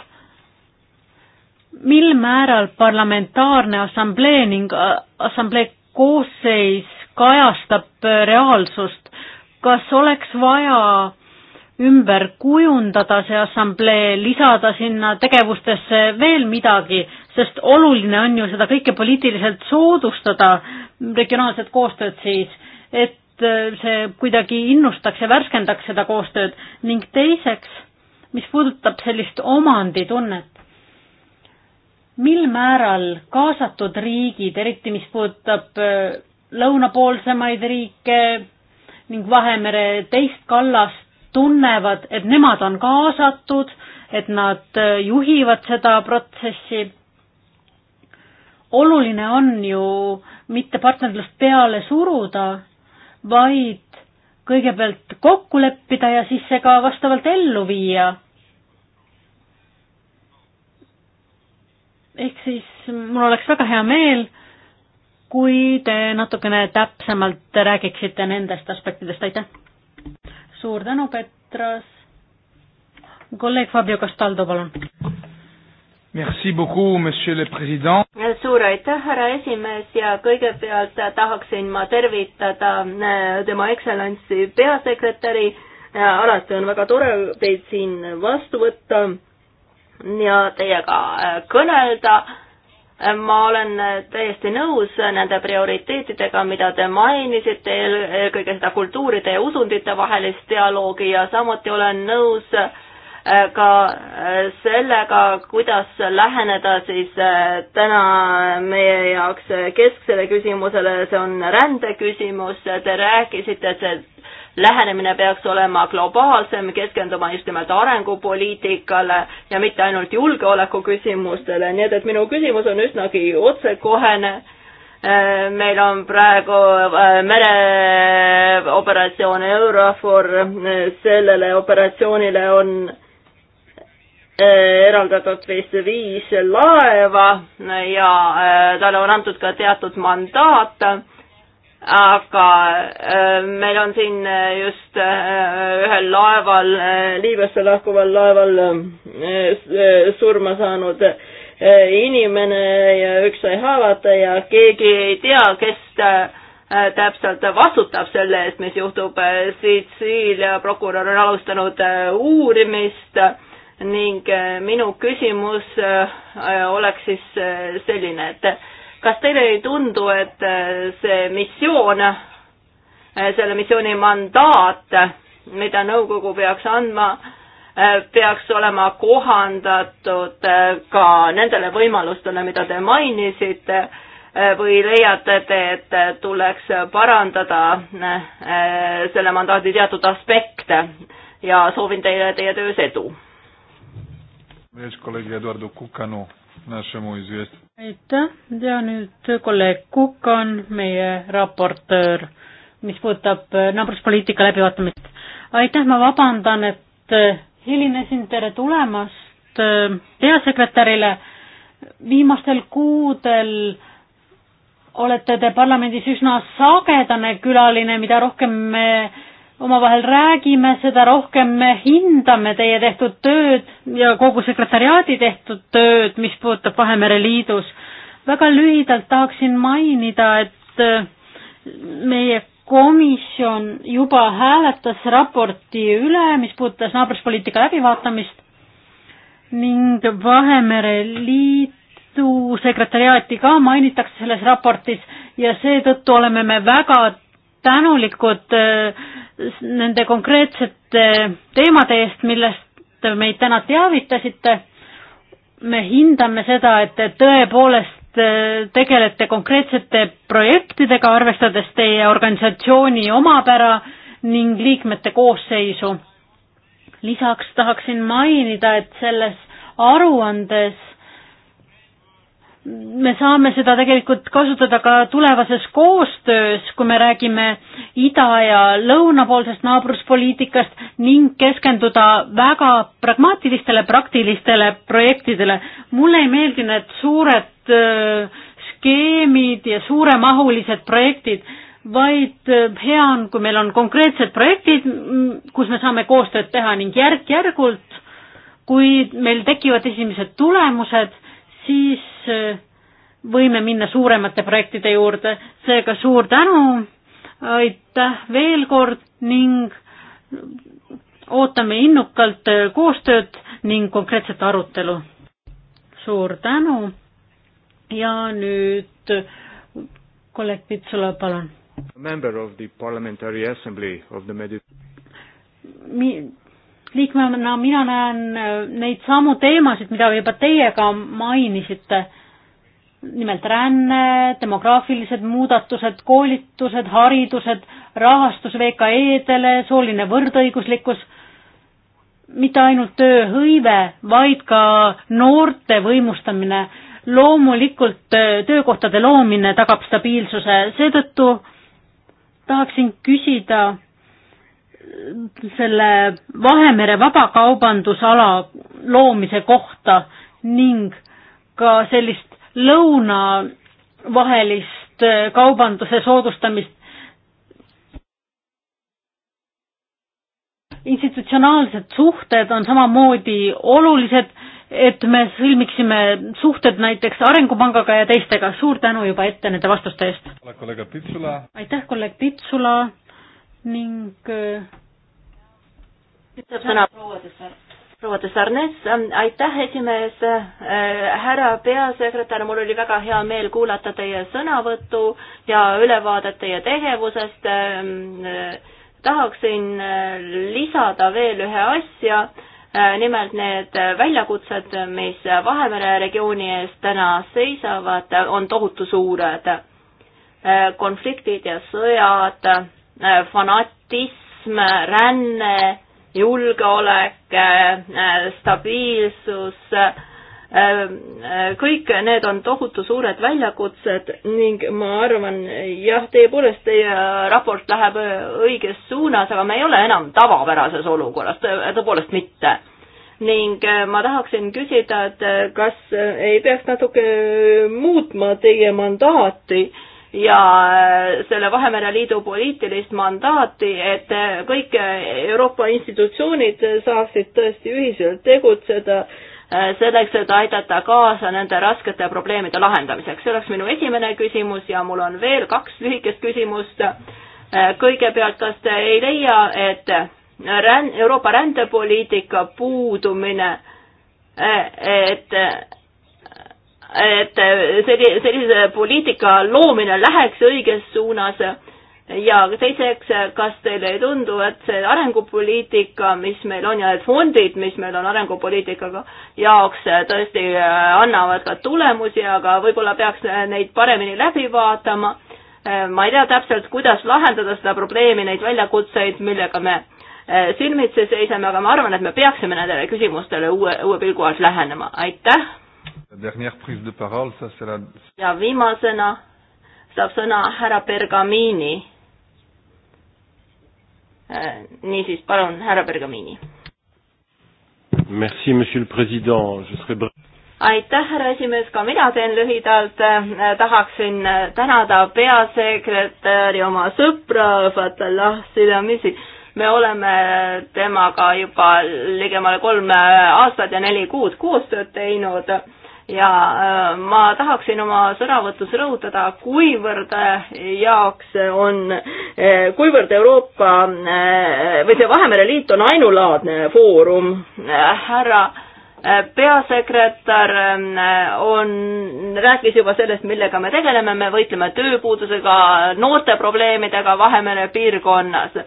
mil määral parlamentaarne assamblee ning assamblee koosseis kajastab äh, reaalsust, kas oleks vaja ümber kujundada see assamblee, lisada sinna tegevustesse veel midagi, sest oluline on ju seda kõike poliitiliselt soodustada, regionaalset koostööd siis, et äh, see kuidagi innustaks ja värskendaks seda koostööd ning teiseks, mis puudutab sellist omanditunnet, mil määral kaasatud riigid, eriti mis puudutab äh, lõunapoolsemaid riike ning Vahemere teist kallast, tunnevad, et nemad on kaasatud, et nad äh, juhivad seda protsessi. oluline on ju mitte partnerlust peale suruda, vaid kõigepealt kokku leppida ja siis see ka vastavalt ellu viia. ehk siis mul oleks väga hea meel, kui te natukene täpsemalt räägiksite nendest aspektidest, aitäh! suur tänu, Petras! kolleeg Fabio Castaldo, palun! Merci beaucoup, monsieur le president. suur aitäh, härra esimees ja kõigepealt tahaksin ma tervitada äh, tema ekstsellentsi peasekretäri. Äh, alati on väga tore teid siin vastu võtta ja teiega äh, kõnelda. Äh, ma olen äh, täiesti nõus nende prioriteetidega, mida te mainisite, eelkõige seda kultuuride ja usundite vahelist dialoogi ja samuti olen nõus ka sellega, kuidas läheneda siis täna meie jaoks kesksele küsimusele, see on rändeküsimus, te rääkisite, et lähenemine peaks olema globaalsem, keskenduma just nimelt arengupoliitikale ja mitte ainult julgeoleku küsimustele, nii et, et minu küsimus on üsnagi otsekohene. Äh, meil on praegu äh, mereoperatsioon Eurofor, äh, sellele operatsioonile on eraldatud vist viis laeva ja talle on antud ka teatud mandaat aga äh, meil on siin äh, just äh, ühel laeval, Liibüasse lahkuval laeval surma saanud inimene ja üks sai haavata ja keegi ei tea, kes täpselt vastutab selle eest, mis juhtub. Sitsiilia prokurör on alustanud uurimist ning minu küsimus oleks siis selline, et kas teile ei tundu, et äh, see missioon, äh, selle missiooni mandaat, mida nõukogu peaks andma, äh, peaks olema kohandatud ka nendele võimalustele, mida te mainisite või leiate te, et tuleks parandada selle mandaadi teatud aspekte ja soovin teile teie töös edu. mees kolleeg Eduard Kukanu aitäh ja nüüd kolleeg Kukk on meie raportöör, mis puudutab äh, naabruspoliitika läbivaatamist. aitäh, ma vabandan, et äh, hilinesin, tere tulemast äh, peasekretärile. viimastel kuudel olete te parlamendis üsna sagedane külaline, mida rohkem me omavahel räägime, seda rohkem me hindame teie tehtud tööd ja kogu sekretariaadi tehtud tööd, mis puudutab Vahemere Liidus. väga lühidalt tahaksin mainida, et äh, meie komisjon juba hääletas raporti üle, mis puudutas naabruspoliitika läbivaatamist ning Vahemere Liidu sekretariaati ka mainitakse selles raportis ja seetõttu oleme me väga tänulikud äh, nende konkreetsete teemade eest, millest meid täna teavitasite. me hindame seda, et te tõepoolest äh, tegelete konkreetsete projektidega, arvestades teie organisatsiooni omapära ning liikmete koosseisu. lisaks tahaksin mainida, et selles aruandes me saame seda tegelikult kasutada ka tulevases koostöös, kui me räägime ida- ja lõunapoolsest naabruspoliitikast ning keskenduda väga pragmaatilistele, praktilistele projektidele. mulle ei meeldi need suured äh, skeemid ja suuremahulised projektid, vaid äh, hea on, kui meil on konkreetsed projektid, kus me saame koostööd teha ning järk-järgult, kui meil tekivad esimesed tulemused siis äh, võime minna suuremate projektide juurde, seega suur tänu, aitäh veel kord ning ootame innukalt äh, koostööd ning konkreetset arutelu. suur tänu ja nüüd kolleeg Pitsula, palun. Member of the Parliamentary Assembly of the Medi- liikmena mina näen äh, neid samu teemasid, mida juba teie ka mainisite. nimelt ränne, demograafilised muudatused, koolitused, haridused, rahastus VKE-dele, sooline võrdõiguslikkus, mitte ainult tööhõive, vaid ka noorte võimustamine. loomulikult äh, töökohtade loomine tagab stabiilsuse, seetõttu tahaksin küsida selle Vahemere vabakaubandusala loomise kohta ning ka sellist lõunavahelist äh, kaubanduse soodustamist. institutsionaalsed suhted on samamoodi olulised, et me sõlmiksime suhted näiteks Arengupangaga ja teistega. suur tänu juba ette nende vastuste eest. aitäh, kolleeg Pitsula ning äh, ütleb sõna proua Tessart proua de Sarnes, ähm, aitäh, esimees äh,, härra peasekretär, mul oli väga hea meel kuulata teie sõnavõttu ja ülevaadet teie tegevusest ähm, äh,. tahaksin äh, lisada veel ühe asja, äh, nimelt need väljakutsed, mis Vahemere regiooni ees täna seisavad, on tohutu suured. Äh, konfliktid ja sõjad Äh, fanatism, ränne, julgeolek, äh, stabiilsus, äh, kõik need on tohutu suured väljakutsed ning ma arvan, jah, tõepoolest teie raport läheb õiges suunas, aga me ei ole enam tavapärases olukorras, tõepoolest mitte. ning ma tahaksin küsida, et kas ei peaks natuke muutma teie mandaati ja äh, selle Vahemere Liidu poliitilist mandaati, et äh, kõik äh, Euroopa institutsioonid saaksid tõesti ühiselt tegutseda selleks, et aidata kaasa nende raskete probleemide lahendamiseks. see oleks minu esimene küsimus ja mul on veel kaks lühikest küsimust. kõigepealt, kas te ei leia, et ränn-, Euroopa rändepoliitika puudumine et et äh, selli-, sellise poliitika loomine läheks õiges suunas ja teiseks, kas teile ei tundu, et see arengupoliitika, mis meil on ja need fondid, mis meil on arengupoliitikaga jaoks, äh, tõesti äh, annavad ka tulemusi, aga võib-olla peaks neid paremini läbi vaatama. ma ei tea täpselt, kuidas lahendada seda probleemi, neid väljakutseid, millega me silmitsi seisame, aga ma arvan, et me peaksime nendele küsimustele uue, uue pilgu alt lähenema. aitäh! ja viimasena saab sõna härra Bergamini. Äh, niisiis, palun, härra Bergamini. Merci, monsieur le president, je serai aitäh, härra esimees, ka mina teen lühidalt, äh, tahaksin äh, tänada peasekretäri oma sõpra Fatallah Silamisi. me oleme temaga juba ligemale kolm aastat ja neli kuud koostööd teinud ja äh, ma tahaksin oma sõnavõtus rõhutada, kuivõrd äh, jaoks on, äh, kuivõrd Euroopa või see Vahemere Liit on ainulaadne foorum, härra peasekretär on, rääkis juba sellest, millega me tegeleme, me võitleme tööpuudusega, noorte probleemidega Vahemere piirkonnas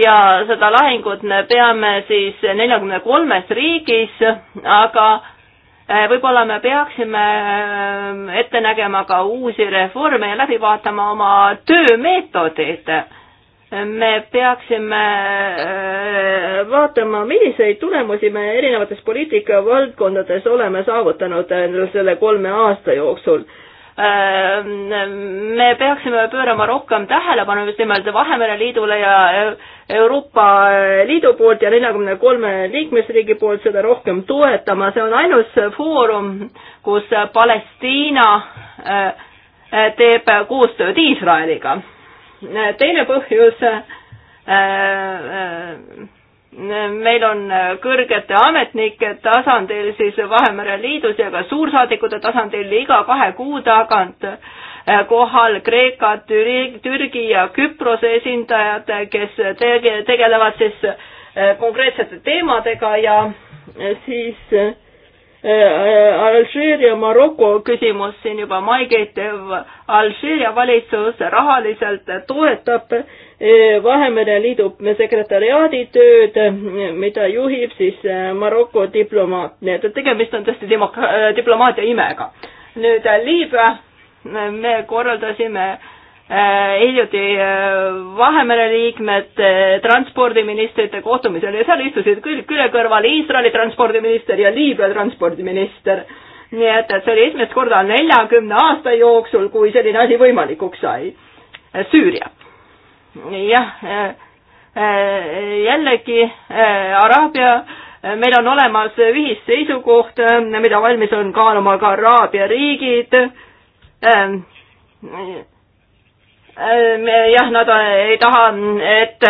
ja seda lahingut me peame siis neljakümne kolmes riigis, aga Äh, võib-olla me peaksime äh, ette nägema ka uusi reforme ja läbi vaatama oma töömeetodid. me peaksime äh, vaatama, milliseid tulemusi me erinevates poliitikavaldkondades oleme saavutanud selle kolme aasta jooksul Äh, me peaksime pöörama rohkem tähelepanu just nimelt Vahemere Liidule ja Euroopa Liidu poolt ja neljakümne kolme liikmesriigi poolt seda rohkem toetama, see on ainus foorum, kus Palestiina äh, teeb koostööd Iisraeliga. teine põhjus äh, meil on äh, kõrgete ametnike tasandil siis Vahemere Liidus ja ka suursaadikute tasandil iga kahe kuu tagant äh, kohal Kreeka, Türgi ja Küprose esindajad, kes tege-, tegelevad siis äh, konkreetsete teemadega ja siis Alžeeria, Maroko küsimus siin juba maikeitev Alžeeria valitsus rahaliselt toetab Vahemere Liidu sekretäriaadi tööd, mida juhib siis äh, Maroko diplomaat, nii et tegemist on tõesti demok-, äh, diplomaatia imega. nüüd äh, Liibüa, me korraldasime hiljuti Vahemere liikmete transpordiministrite kohtumisel ja seal istusid küll küle kõrval Iisraeli transpordiminister ja Liibüa transpordiminister. nii et, et see oli esimest korda neljakümne aasta jooksul, kui selline asi võimalikuks sai. Süüria jah, äh, äh, jällegi äh, Araabia, meil on olemas ühisseisukoht, mida valmis on kaaluma ka Araabia riigid. Ähm, ähm, jah, nad ei taha, et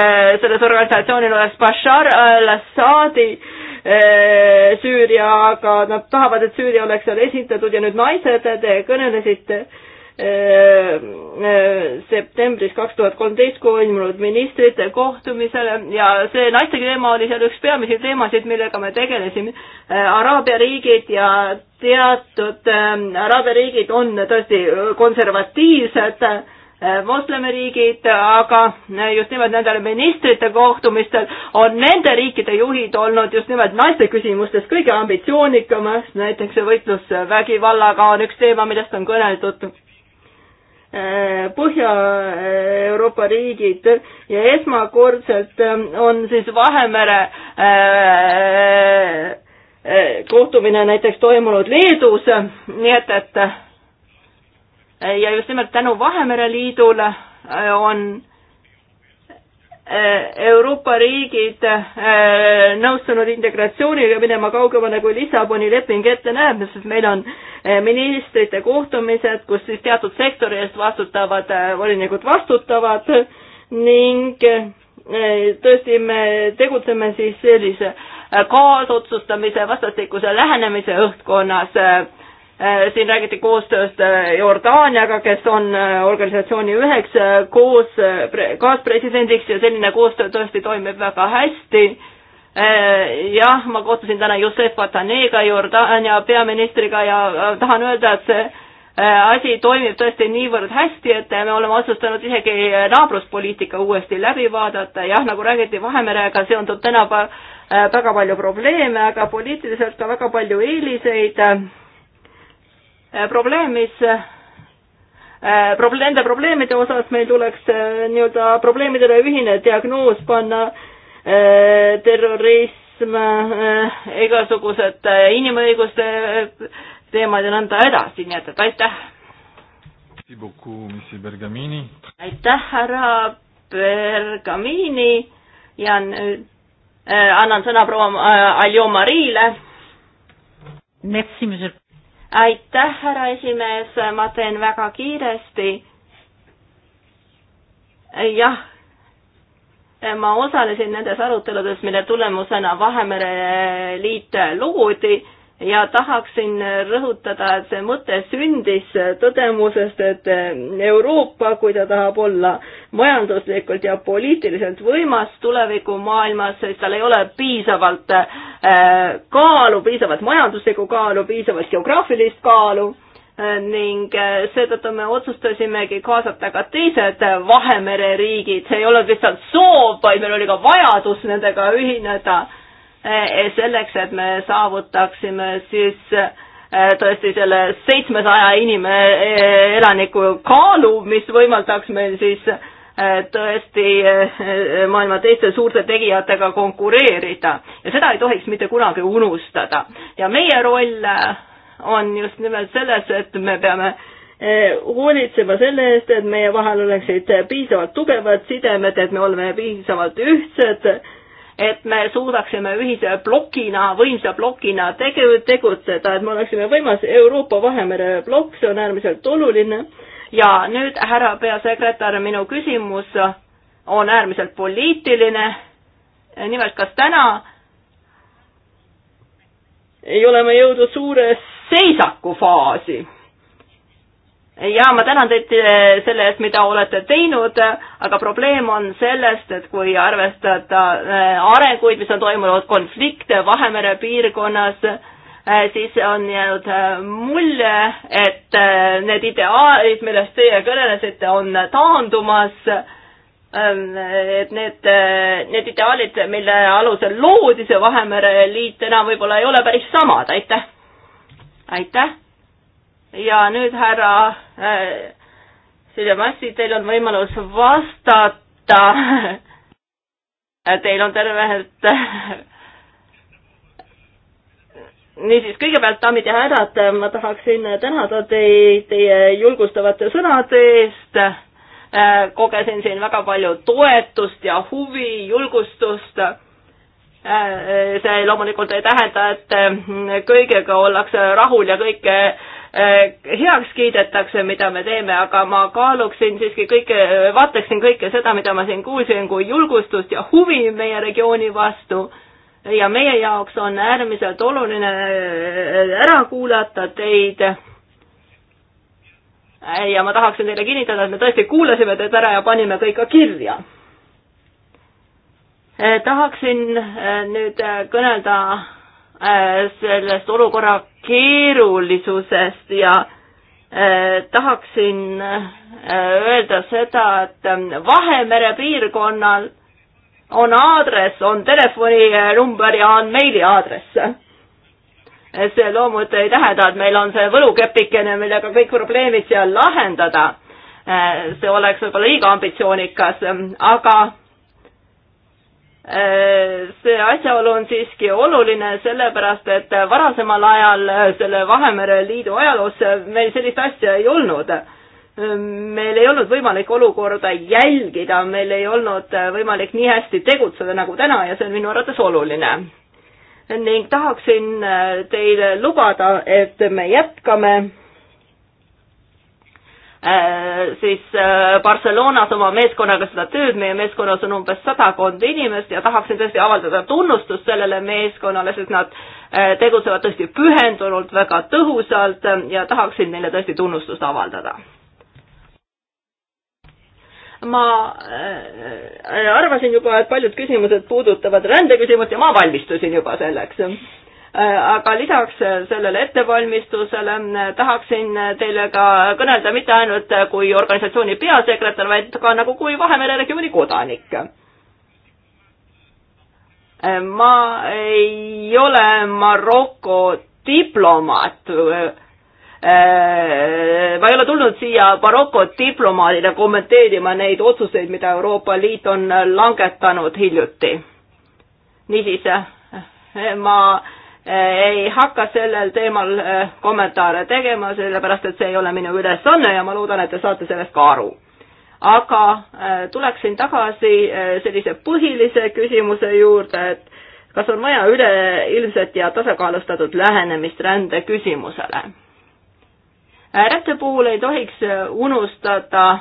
selles organisatsioonil oleks Bashar al-Assadi Süüria, aga nad tahavad, et Süüria oleks seal esindatud ja nüüd naised, te kõnelesite äh, Äh, äh, septembris kaks tuhat kolmteist toimunud ministrite kohtumisele ja see naiste teema oli seal üks peamisi teemasid, millega me tegelesime. Äh, Araabia riigid ja teatud ähm, Araabia riigid on tõesti konservatiivsed moslemiriigid, aga just nimelt nendel ministrite kohtumistel on nende riikide juhid olnud just nimelt naiste küsimustes kõige ambitsioonikamad, näiteks võitlus vägivallaga on üks teema, millest on kõneldud Äh, Põhja-Euroopa riigid ja esmakordselt ähm, on siis Vahemere äh, äh, kohtumine näiteks toimunud Leedus, nii et, et ja just nimelt tänu Vahemere Liidule on äh, Eh, Euroopa riigid eh, nõustunud integratsiooniga minema kaugemale, kui Lissaboni leping ette näeb, sest meil on eh, ministrite kohtumised, kus siis teatud sektori eest vastutavad volinikud vastutavad ning tõesti me tegutseme siis sellise kaasotsustamise vastastikuse lähenemise õhkkonnas Äh, siin räägiti koostööst äh, Jordaaniaga, kes on äh, organisatsiooni üheks koos, kaaspresidendiks ja selline koostöö tõesti toimib väga hästi. jah, ma kohtusin täna Jossef Vataneega, Jordaania peaministriga ja tahan öelda, et see asi toimib tõesti niivõrd hästi, et me oleme otsustanud isegi naabruspoliitika uuesti läbi vaadata, jah, nagu räägiti, Vahemerega seondub tänapäeval väga palju probleeme, aga poliitiliselt ka väga palju eeliseid probleem, äh, mis probleem, äh, nende probleemide osas meil tuleks äh, nii-öelda probleemidele ühine diagnoos panna, terrorism, igasugused inimõiguste teemad ja nõnda edasi, nii et, et aitäh. aitäh, härra Bergamini ja nüüd annan sõna proua Aljo Marile aitäh, härra esimees, ma teen väga kiiresti. jah, ma osalesin nendes aruteludes, mille tulemusena Vahemere liit loodi ja tahaksin rõhutada, et see mõte sündis tõdemusest, et Euroopa, kui ta tahab olla majanduslikult ja poliitiliselt võimas tulevikumaailmas, sest tal ei ole piisavalt äh, kaalu, piisavat majanduslikku kaalu, piisavat geograafilist kaalu äh, ning äh, seetõttu me otsustasimegi kaasata ka teised Vahemere riigid, see ei olnud lihtsalt soov, vaid meil oli ka vajadus nendega ühineda selleks, et me saavutaksime siis tõesti selle seitsmesaja inimene, elaniku kaalu, mis võimaldaks meil siis tõesti eh, maailma teiste suurte tegijatega konkureerida ja seda ei tohiks mitte kunagi unustada. ja meie roll eh, on just nimelt selles, et me peame eh, hoolitsema selle eest, et meie vahel oleksid piisavalt tugevad sidemed, et me oleme piisavalt ühtsed, et me suudaksime ühise plokina, võimsa plokina tegu-, tegutseda, et me oleksime võimas Euroopa Vahemere plokk, see on äärmiselt oluline ja nüüd, härra peasekretär, minu küsimus on äärmiselt poliitiline. nimelt, kas täna ei ole me jõudnud suure seisaku faasi? ja ma tänan teid eh, selle eest, mida olete teinud, aga probleem on sellest, et kui arvestada eh, arenguid, mis on toimunud, konflikte Vahemere piirkonnas, Äh, siis on jäänud äh, mulje, et äh, need ideaalid, millest teie kõnelesite, on taandumas. Ähm, et need, need ideaalid, mille alusel loodi see Vahemere liit, enam võib-olla ei ole päris samad, aitäh. aitäh. ja nüüd härra Silja Massi, teil on võimalus vastata. Teil on tervelt niisiis, kõigepealt, daamid ja härrad, ma tahaksin tänada teid teie julgustavate sõnade eest. Äh, kogesin siin väga palju toetust ja huvi, julgustust. Äh, see loomulikult ei tähenda, et äh, kõigega ollakse rahul ja kõike heaks kiidetakse, mida me teeme, aga ma kaaluksin siiski kõike, vaataksin kõike seda, mida ma siin kuulsin, kui julgustust ja huvi meie regiooni vastu ja meie jaoks on äärmiselt oluline äh, ära kuulata teid. Äh, ja ma tahaksin teile kinnitada, et me tõesti kuulasime teid ära ja panime kõik ka kirja. Äh, tahaksin nüüd kõnelda sellest olukorra keerulisusest ja tahaksin öelda seda, et Vahemere piirkonnal on aadress, on telefoninumber ja on meiliaadress. see loomulikult ei tähenda, et meil on see võlukepikene, millega kõik probleemid seal lahendada. see oleks võib-olla liiga ambitsioonikas, aga äh, see asjaolu on siiski oluline, sellepärast et varasemal ajal selle Vahemere Liidu ajaloos meil sellist asja ei olnud Ehm, meil ei olnud võimalik olukorda jälgida, meil ei olnud äh, võimalik nii hästi tegutseda nagu täna ja see on minu arvates oluline. ning tahaksin äh, teile lubada, et me jätkame äh, siis Barcelonas oma meeskonnaga seda tööd, meie meeskonnas on umbes sadakond inimest ja tahaksin tõesti avaldada tunnustust sellele meeskonnale, sest nad tegutsevad tõesti pühendunult, väga tõhusalt ja tahaksin neile tõesti tunnustust avaldada ma äh, arvasin juba, et paljud küsimused puudutavad rändeküsimust ja ma valmistusin juba selleks. Äh, aga lisaks sellele ettevalmistusele äh, tahaksin teile ka kõnelda mitte ainult kui organisatsiooni peasekretär, vaid ka nagu kui Vahemere regiooni kodanik. ma ei ole Maroko diplomaat Äh, ma ei ole tulnud siia baroko diplomaadina kommenteerima neid otsuseid, mida Euroopa Liit on langetanud hiljuti. niisiis, äh, ma äh, ei hakka sellel teemal kommentaare tegema, sellepärast et see ei ole minu ülesanne ja ma loodan, et te saate sellest ka aru. aga tuleksin tagasi sellise põhilise küsimuse juurde, et kas on vaja üleilmset ja tasakaalustatud lähenemist rände küsimusele rände puhul ei tohiks unustada äh,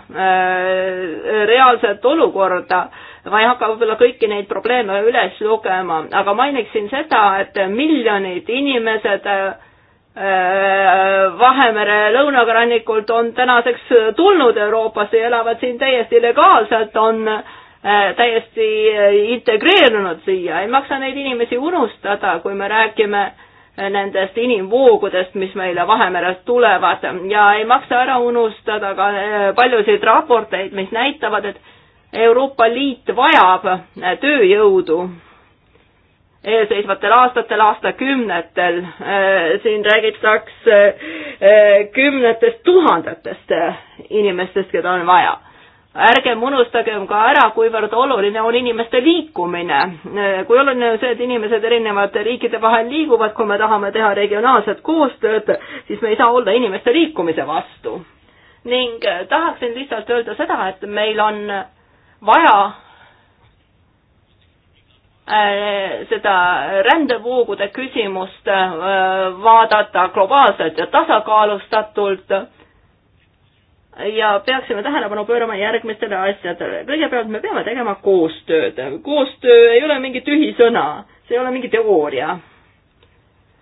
reaalset olukorda. ma ei hakka võib-olla kõiki neid probleeme üles lugema, aga mainiksin seda, et miljonid inimesed äh, äh, Vahemere lõunarannikult on tänaseks tulnud Euroopasse ja elavad siin täiesti legaalselt, on täiesti integreerunud siia, ei maksa neid inimesi unustada, kui me räägime äh, nendest inimvoogudest, mis meile Vahemerest tulevad ja ei maksa ära unustada ka eh, paljusid raporteid, mis näitavad, et Euroopa Liit vajab eh, tööjõudu eelseisvatel aastatel, aastakümnetel. Eh, siin räägitakse kümnetest tuhandetest inimestest, keda on vaja ärgem unustagem ka ära, kuivõrd oluline on inimeste liikumine. kui oluline on see, et inimesed erinevate riikide vahel liiguvad, kui me tahame teha regionaalset koostööd, siis me ei saa olla inimeste liikumise vastu. ning tahaksin lihtsalt öelda seda, et meil on vaja äh, seda rändevoogude küsimust äh, vaadata globaalselt ja tasakaalustatult ja peaksime tähelepanu pöörama järgmistele asjadele. kõigepealt me peame tegema koostööd. koostöö ei ole mingi tühi sõna, see ei ole mingi teooria.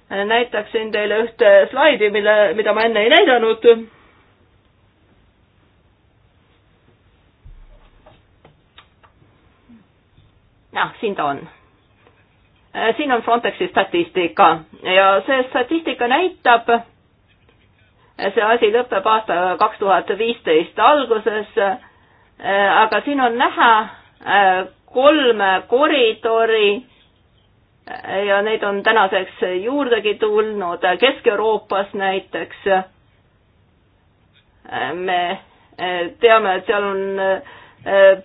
näitaksin teile ühte slaidi, mille, mida ma enne ei näidanud. jah, siin ta on siin on Frontexi statistika ja see statistika näitab, see asi lõpeb aasta kaks tuhat viisteist alguses, aga siin on näha äh, kolm koridori äh, ja neid on tänaseks juurdegi tulnud, äh, Kesk-Euroopas näiteks me teame, et seal on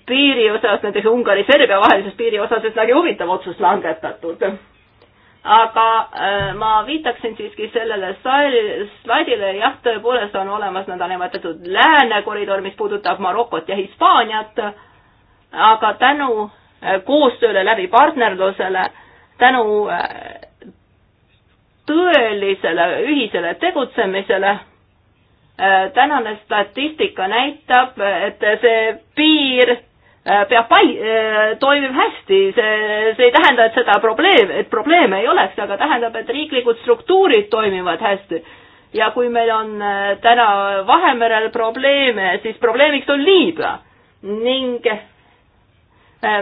piiri osas, näiteks Ungari-Serbia vahelises piiri osas üsnagi huvitav otsus langetatud aga äh, ma viitaksin siiski sellele slaidile, jah, tõepoolest on olemas nõndanimetatud lääne koridor, mis puudutab Marokot ja Hispaaniat, aga tänu äh, koostööle läbi partnerlusele, tänu äh, tõelisele ühisele tegutsemisele, tänane statistika näitab, et see piir Äh, peab pal-, äh, toimib hästi, see, see ei tähenda, et seda probleem, et probleeme ei oleks, aga tähendab, et riiklikud struktuurid toimivad hästi. ja kui meil on äh, täna Vahemerel probleeme, siis probleemiks on Liibüa ning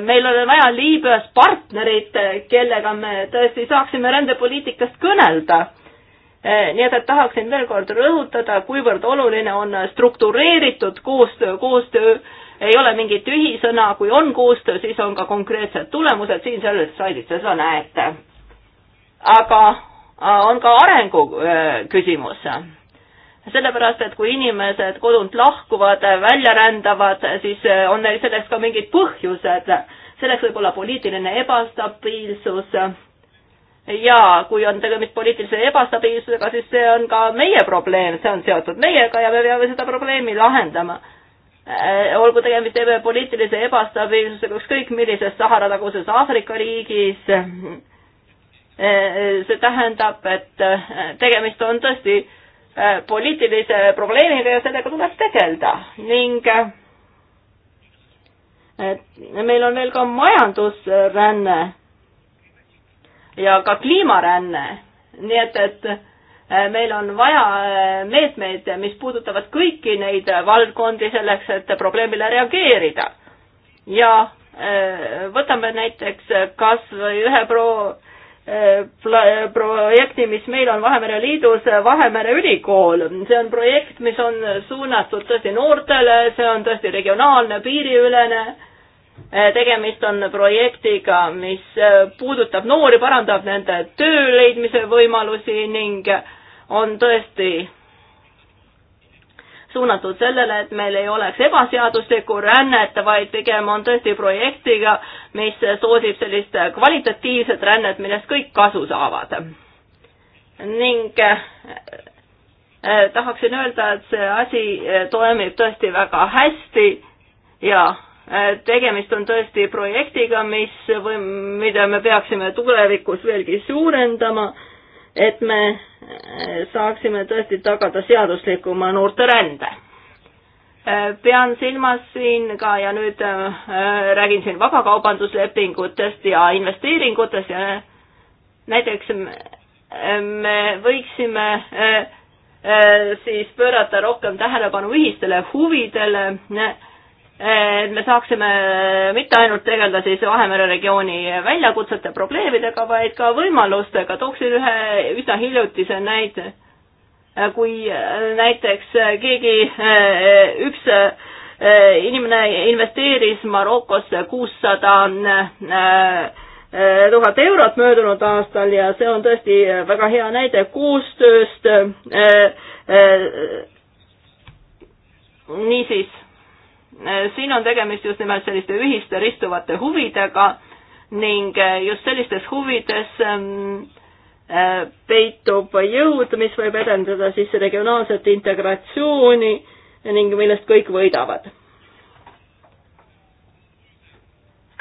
meil on vaja Liibüas partnerit, kellega me tõesti saaksime rändepoliitikast kõnelda nii et, et tahaksin veel kord rõhutada, kuivõrd oluline on struktureeritud koostöö, koostöö ei ole mingit tühisõna, kui on koostöö, siis on ka konkreetsed tulemused, siin selles slaidis te seda näete. aga äh, on ka arengu äh, küsimus. sellepärast, et kui inimesed kodunt lahkuvad, välja rändavad, siis äh, on neil selleks ka mingid põhjused. selleks võib olla poliitiline ebastabiilsus ja kui on tegemist poliitilise ebastabiilsusega, siis see on ka meie probleem, see on seotud meiega ja me peame seda probleemi lahendama Äh, olgu tegemist poliitilise ebastabiilsusega ükskõik millises Sahara taguses Aafrika riigis. Äh, see tähendab, et äh, tegemist on tõesti poliitilise probleemiga ja sellega tuleb tegeleda ning et meil on veel ka majandusränne ja ka kliimaränne, nii et, et Äh, meil on vaja äh, meetmeid, mis puudutavad kõiki neid valdkondi selleks, et probleemile reageerida. ja äh, võtame näiteks kas või ühe pro-, projekti, mis meil on Vahemere Liidus, Vahemere Ülikool. see on projekt, mis on suunatud tõesti noortele, see on tõesti regionaalne, piiriülene. tegemist on projektiga, mis puudutab noori, parandab nende töö leidmise võimalusi ning äh, on tõesti suunatud sellele, et meil ei oleks ebaseaduslikku rännet, vaid pigem on tõesti projektiga, mis soosib sellist kvalitatiivset rännet, millest kõik kasu saavad. ning eh, tahaksin öelda, et see asi eh, toimib tõesti väga hästi ja eh, tegemist on tõesti projektiga, mis või mida me peaksime tulevikus veelgi suurendama, et me saaksime tõesti tagada seaduslikuma noorterände. Äh, pean silmas siin ka ja nüüd äh, räägin siin vabakaubanduslepingutest ja investeeringutest ja näiteks äh, me võiksime siis pöörata rohkem tähelepanu ühistele huvidele et eh, me saaksime mitte ainult tegeleda siis Vahemere regiooni väljakutsete probleemidega, vaid ka võimalustega. tooksin ühe üsna hiljutise näite. Eh, kui eh, näiteks keegi, üks inimene investeeris Marokosse kuussada tuhat eurot möödunud aastal ja see on tõesti väga hea näide koostööst. niisiis Äh, siin on tegemist just nimelt selliste ühiste ristuvate huvidega ning äh, just sellistes huvides ähm, äh, peitub jõud, mis võib edendada siis regionaalset integratsiooni ning millest kõik võidavad.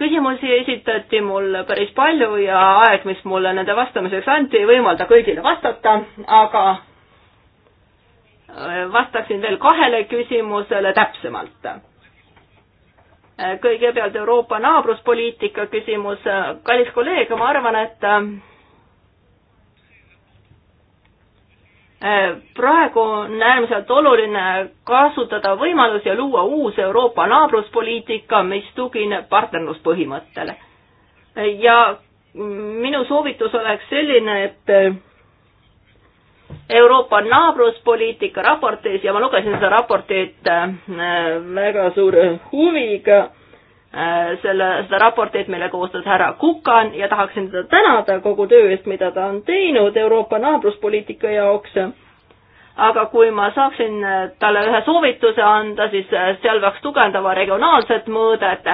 küsimusi esitati mul päris palju ja aeg, mis mulle nende vastamiseks anti, ei võimalda kõigile vastata, aga vastaksin veel kahele küsimusele täpsemalt Äh, kõigepealt Euroopa naabruspoliitika küsimus. Äh, kallis kolleeg, ma arvan, et äh, praegu on äärmiselt oluline kasutada võimalusi ja luua uus Euroopa naabruspoliitika, mis tugineb partnerluspõhimõttele. ja minu soovitus oleks selline, et Euroopa naabruspoliitika raportis ja ma lugesin seda raportit äh, väga suure huviga, äh, selle, seda raportit, mille koostas härra Kukan ja tahaksin teda tänada kogu töö eest, mida ta on teinud Euroopa naabruspoliitika jaoks. aga kui ma saaksin äh, talle ühe soovituse anda, siis seal peaks tugevdama regionaalset mõõdet,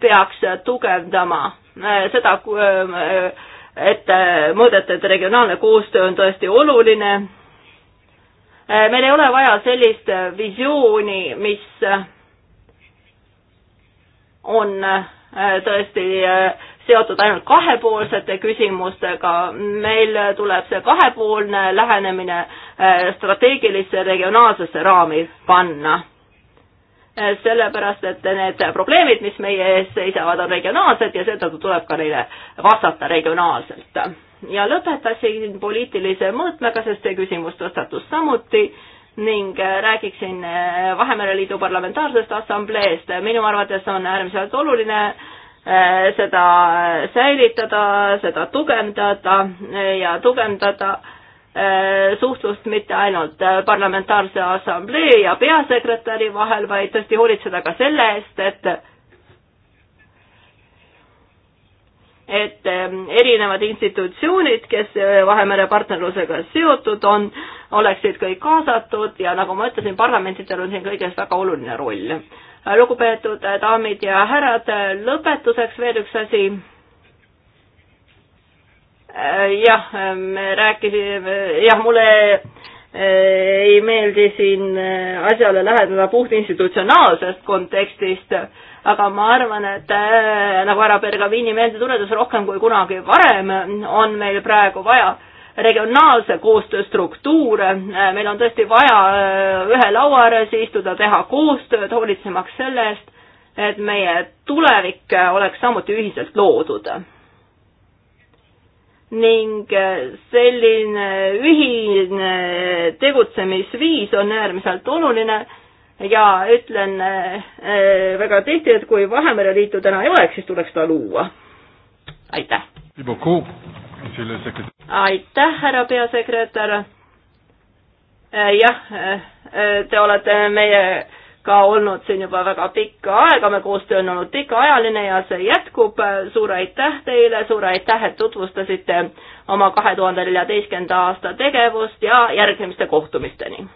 peaks tugevdama seda, et äh, mõõdete, et regionaalne koostöö on tõesti oluline. Äh, meil ei ole vaja sellist äh, visiooni, mis on tõesti seotud ainult kahepoolsete küsimustega, meil tuleb see kahepoolne lähenemine strateegilisse regionaalsesse raami panna Eh, sellepärast et need probleemid, mis meie ees seisavad, on regionaalsed ja seetõttu tuleb ka neile vastata regionaalselt. ja lõpetasin poliitilise mõõtmega, sest see küsimus tõstatus samuti ning räägiksin eh, Vahemere Liidu Parlamentaarsest Assambleest. minu arvates on äärmiselt oluline eh, seda säilitada, seda tugevdada ja tugevdada Äh, suhtlust mitte ainult äh, parlamentaarse assamblee ja peasekretäri vahel, vaid tõesti hoolitseda ka selle eest, et et ähm, erinevad institutsioonid, kes äh, Vahemere partnerlusega seotud on, oleksid kõik kaasatud ja nagu ma ütlesin, parlamentidel on siin kõiges väga oluline roll. lugupeetud daamid ja härrad, lõpetuseks veel üks asi Äh, jah, me rääkisime, jah, mulle äh, ei meeldi siin äh, asjale läheneda puhtinstitutsionaalsest kontekstist, aga ma arvan, et nagu härra Bergamini meelde tuletas, rohkem kui kunagi varem on meil praegu vaja regionaalse koostöö struktuure, meil on tõesti vaja ühe laua ääres istuda, teha koostööd, hoolitsemaks selle eest, et meie tulevik oleks samuti ühiselt loodud ning äh, selline ühine tegutsemisviis on äärmiselt oluline ja ütlen äh, äh, väga tihti, et kui Vahemere Liitu täna ei oleks, siis tuleks ta luua. aitäh! aitäh, härra peasekretär! jah, te olete meie ka olnud siin juba väga pikka aega, me koostöö on olnud pikaajaline ja see jätkub. suur aitäh teile, suur aitäh, et tutvustasite oma kahe tuhande neljateistkümnenda aasta tegevust ja järgmiste kohtumisteni!